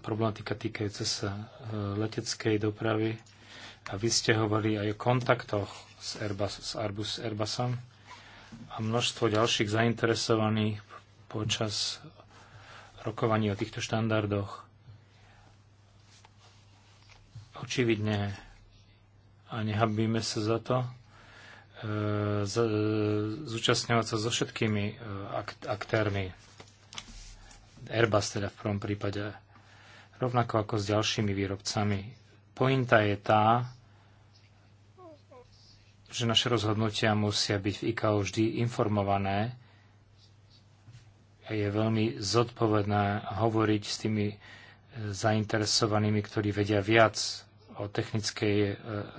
[SPEAKER 3] problematika týkajúca sa e, leteckej dopravy. A vy ste hovorili aj o kontaktoch s, Airbus, s, Airbus, Airbusom a množstvo ďalších zainteresovaných počas rokovaní o týchto štandardoch. Očividne, a nehabíme sa za to, e, zúčastňovať sa so všetkými e, aktérmi. Airbus teda v prvom prípade, rovnako ako s ďalšími výrobcami. Pointa je tá, že naše rozhodnutia musia byť v IKO vždy informované. a Je veľmi zodpovedné hovoriť s tými e, zainteresovanými, ktorí vedia viac o technickej e,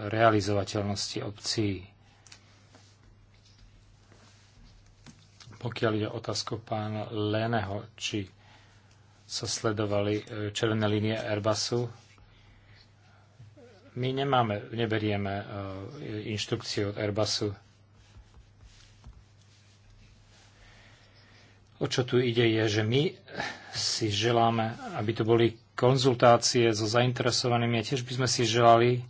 [SPEAKER 3] realizovateľnosti obcí. Pokiaľ ide otázku pána Léneho, či sa sledovali e, červené línie Airbusu, my nemáme, neberieme e, inštrukcie od Airbusu. O čo tu ide je, že my si želáme, aby to boli konzultácie so zainteresovanými a tiež by sme si želali,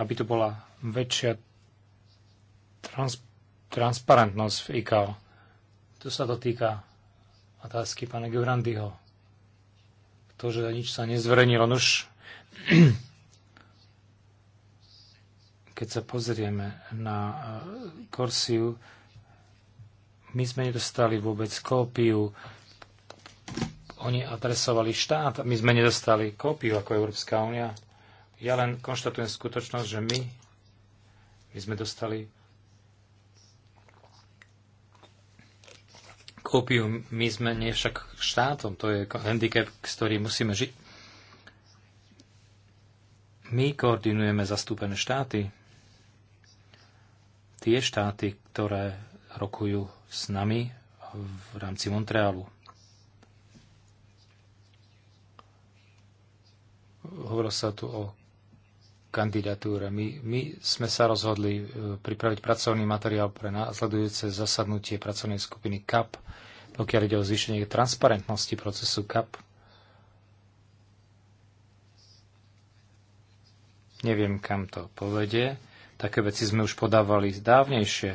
[SPEAKER 3] aby to bola väčšia trans- transparentnosť v ICAO. Tu sa to týka otázky pána Gurandyho. To, že nič sa nezverejnilo, nož keď sa pozrieme na Korsiu, e, my sme nedostali vôbec kópiu. Oni adresovali štát, my sme nedostali kópiu ako Európska únia. Ja len konštatujem skutočnosť, že my, my sme dostali kópiu, my sme nie však štátom, to je handicap, s ktorým musíme žiť. My koordinujeme zastúpené štáty tie štáty, ktoré rokujú s nami v rámci Montrealu. Hovorilo sa tu o kandidatúre. My, my sme sa rozhodli e, pripraviť pracovný materiál pre následujúce zasadnutie pracovnej skupiny CAP, pokiaľ ide o zvýšenie transparentnosti procesu CAP. Neviem, kam to povedie Také veci sme už podávali dávnejšie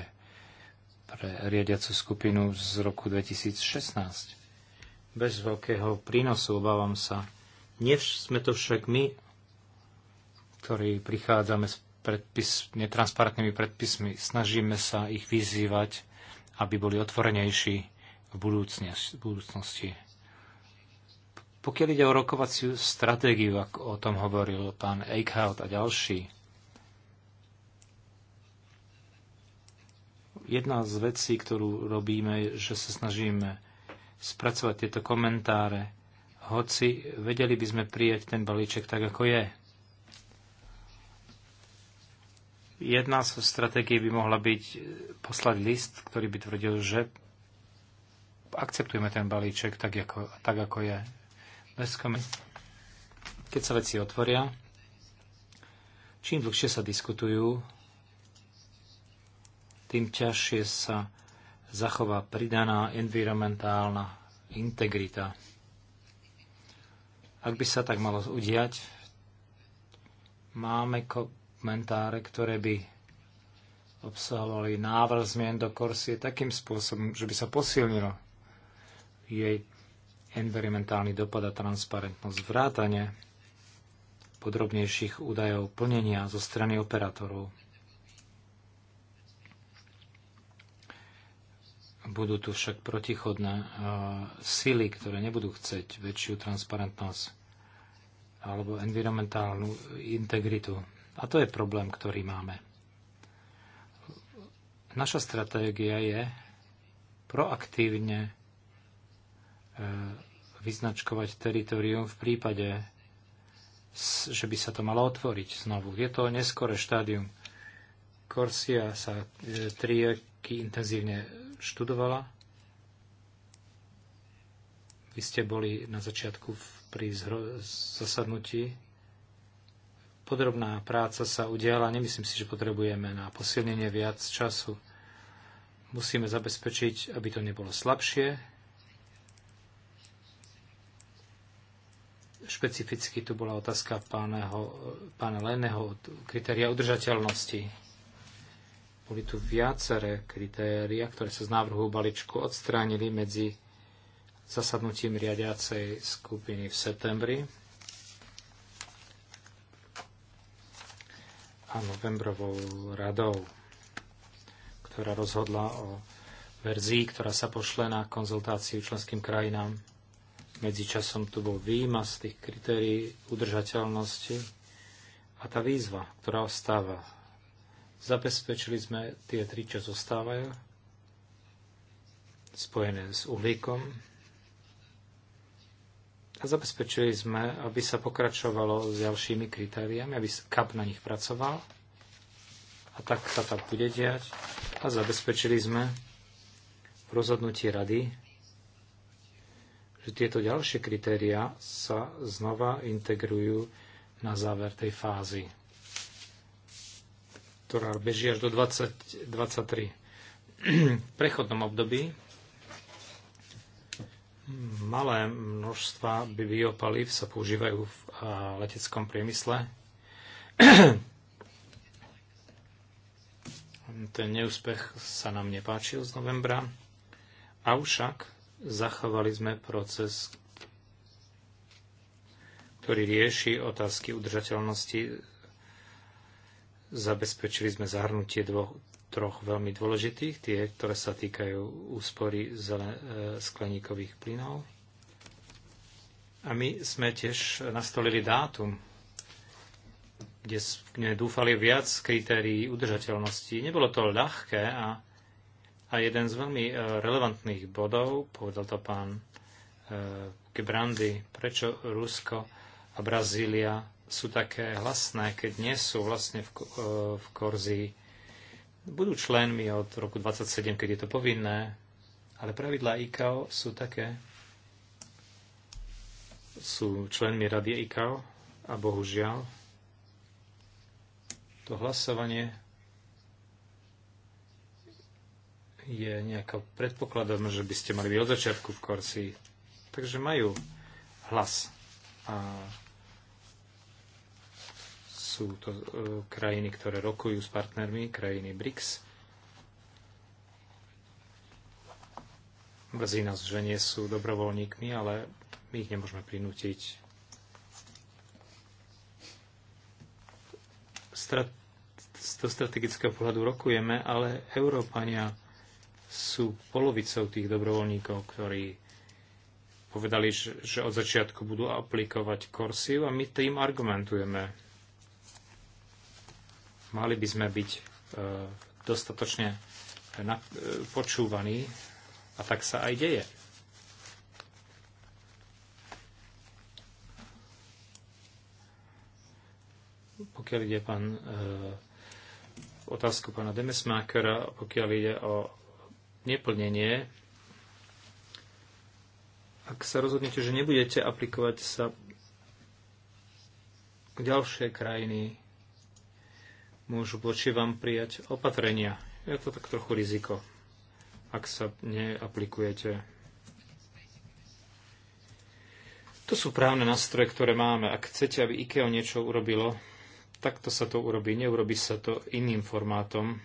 [SPEAKER 3] pre riadiacu skupinu z roku 2016. Bez veľkého prínosu, obávam sa. Nie sme to však my, ktorí prichádzame s predpis, netransparentnými predpismi. Snažíme sa ich vyzývať, aby boli otvorenejší v budúcnosti. Pokiaľ ide o rokovaciu stratégiu, ako o tom hovoril pán Eichhout a ďalší, Jedna z vecí, ktorú robíme, je, že sa snažíme spracovať tieto komentáre, hoci vedeli by sme prijať ten balíček tak, ako je. Jedna z stratégií by mohla byť poslať list, ktorý by tvrdil, že akceptujeme ten balíček tak, ako, tak, ako je. Bez Keď sa veci otvoria, čím dlhšie sa diskutujú, tým ťažšie sa zachová pridaná environmentálna integrita. Ak by sa tak malo udiať, máme komentáre, ktoré by obsahovali návrh zmien do Korsie takým spôsobom, že by sa posilnilo jej environmentálny dopad a transparentnosť vrátane podrobnejších údajov plnenia zo strany operátorov. Budú tu však protichodné e, sily, ktoré nebudú chceť väčšiu transparentnosť alebo environmentálnu integritu. A to je problém, ktorý máme. Naša stratégia je proaktívne e, vyznačkovať teritorium v prípade, že by sa to malo otvoriť znovu. Je to neskore štádium. Korsia sa e, tri roky intenzívne študovala. Vy ste boli na začiatku pri zasadnutí. Podrobná práca sa udiala. Nemyslím si, že potrebujeme na posilnenie viac času. Musíme zabezpečiť, aby to nebolo slabšie. Špecificky tu bola otázka páneho, pána Leného, od kritéria udržateľnosti boli tu viaceré kritéria, ktoré sa z návrhu balíčku odstránili medzi zasadnutím riadiacej skupiny v septembri a novembrovou radou, ktorá rozhodla o verzii, ktorá sa pošle na konzultáciu členským krajinám. Medzičasom tu bol z tých kritérií udržateľnosti a tá výzva, ktorá ostáva Zabezpečili sme tie tri, čo zostávajú, spojené s uhlíkom. A zabezpečili sme, aby sa pokračovalo s ďalšími kritériami, aby KAP na nich pracoval. A tak sa tak bude diať. A zabezpečili sme v rozhodnutí rady, že tieto ďalšie kritéria sa znova integrujú na záver tej fázy ktorá beží až do 2023. [CLEARS THROAT] V prechodnom období malé množstva biopalív sa používajú v leteckom priemysle. [CLEARS THROAT] Ten neúspech sa nám nepáčil z novembra. Avšak zachovali sme proces, ktorý rieši otázky udržateľnosti Zabezpečili sme zahrnutie dvoch, troch veľmi dôležitých, tie, ktoré sa týkajú úspory zelen, e, skleníkových plynov. A my sme tiež nastolili dátum, kde sme dúfali viac kritérií udržateľnosti. Nebolo to ľahké a, a jeden z veľmi e, relevantných bodov, povedal to pán e, Gebrandy, prečo Rusko a Brazília sú také hlasné, keď nie sú vlastne v, e, v korzi, Budú členmi od roku 27, keď je to povinné, ale pravidlá IKO. sú také. Sú členmi rady IKAO, a bohužiaľ to hlasovanie je nejako predpokladom, že by ste mali byť od začiatku v korzi. Takže majú hlas. A sú to e, krajiny, ktoré rokujú s partnermi, krajiny BRICS. Mrzí nás, že nie sú dobrovoľníkmi, ale my ich nemôžeme prinútiť. Strat- z toho strategického pohľadu rokujeme, ale Európania sú polovicou tých dobrovoľníkov, ktorí povedali, že od začiatku budú aplikovať korsiu a my tým argumentujeme. Mali by sme byť e, dostatočne e, počúvaní a tak sa aj deje. Pokiaľ ide pán, e, otázku pána Demesmákera, pokiaľ ide o neplnenie, ak sa rozhodnete, že nebudete aplikovať sa ďalšie krajiny môžu voči vám prijať opatrenia. Je to tak trochu riziko, ak sa neaplikujete. To sú právne nástroje, ktoré máme. Ak chcete, aby IKEA niečo urobilo, takto sa to urobí. Neurobi sa to iným formátom.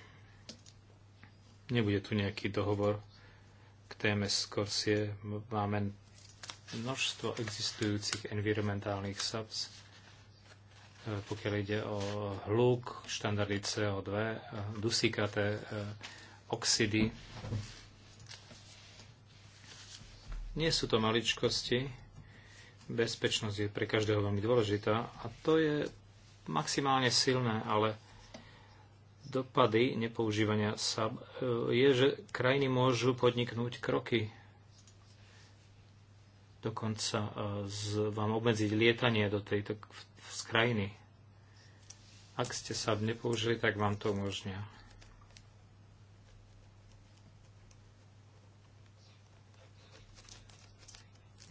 [SPEAKER 3] Nebude tu nejaký dohovor k téme skorsie. Máme množstvo existujúcich environmentálnych subs pokiaľ ide o hluk, štandardy CO2, dusíkaté e, oxidy. Nie sú to maličkosti. Bezpečnosť je pre každého veľmi dôležitá a to je maximálne silné, ale dopady nepoužívania sa e, je, že krajiny môžu podniknúť kroky. Dokonca e, z, vám obmedziť lietanie do tejto, v z krajiny. Ak ste sa nepoužili, tak vám to umožnia.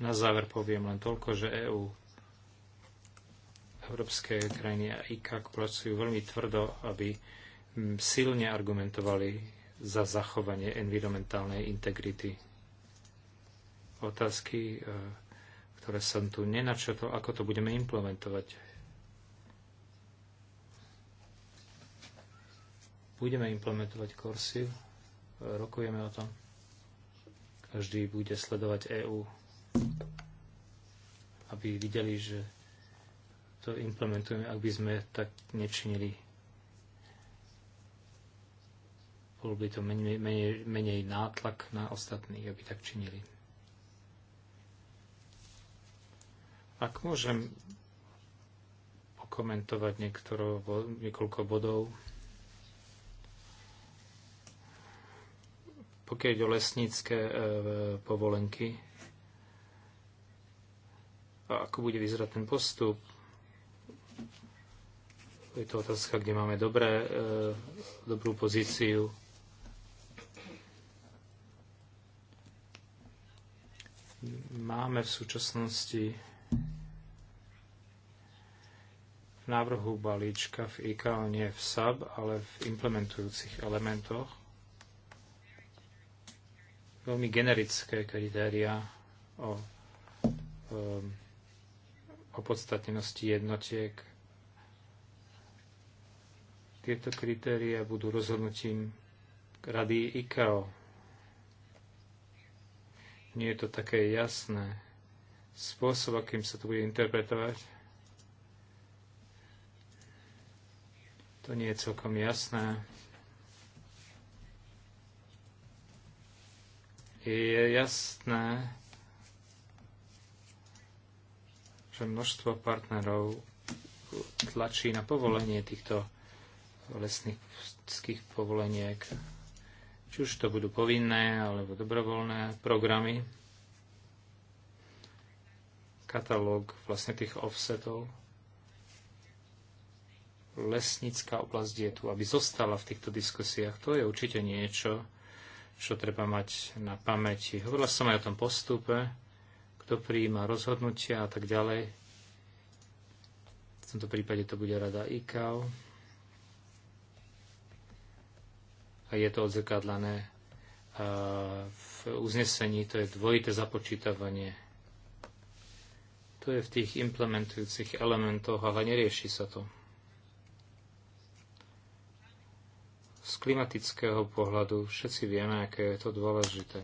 [SPEAKER 3] Na záver poviem len toľko, že EÚ, európske krajiny a IKAK pracujú veľmi tvrdo, aby silne argumentovali za zachovanie environmentálnej integrity. Otázky e, ktoré som tu nenačetol, ako to budeme implementovať. Budeme implementovať kursiv, rokujeme o tom. Každý bude sledovať EÚ, aby videli, že to implementujeme, ak by sme tak nečinili. Bol by to menej, menej, menej nátlak na ostatných, aby tak činili. Ak môžem pokomentovať niektoro, niekoľko bodov. Pokiaľ ide o lesnícke e, povolenky, a ako bude vyzerať ten postup, je to otázka, kde máme dobré, e, dobrú pozíciu. Máme v súčasnosti návrhu balíčka v IKAO nie v SAB, ale v implementujúcich elementoch. Veľmi generické kritéria o um, ehm, opodstatnenosti jednotiek. Tieto kritéria budú rozhodnutím Rady IKAO. Nie je to také jasné. Spôsob, akým sa to bude interpretovať, To nie je celkom jasné. Je jasné, že množstvo partnerov tlačí na povolenie týchto lesnických povoleniek. Či už to budú povinné alebo dobrovoľné programy, katalóg vlastne tých offsetov, Lesnícká oblasť je tu, aby zostala v týchto diskusiách. To je určite niečo, čo treba mať na pamäti. Hovorila som aj o tom postupe, kto prijíma rozhodnutia a tak ďalej. V tomto prípade to bude rada IKAO. A je to odzrkadlané e, v uznesení, to je dvojité započítavanie. To je v tých implementujúcich elementoch, ale nerieši sa to. z klimatického pohľadu všetci vieme, aké je to dôležité.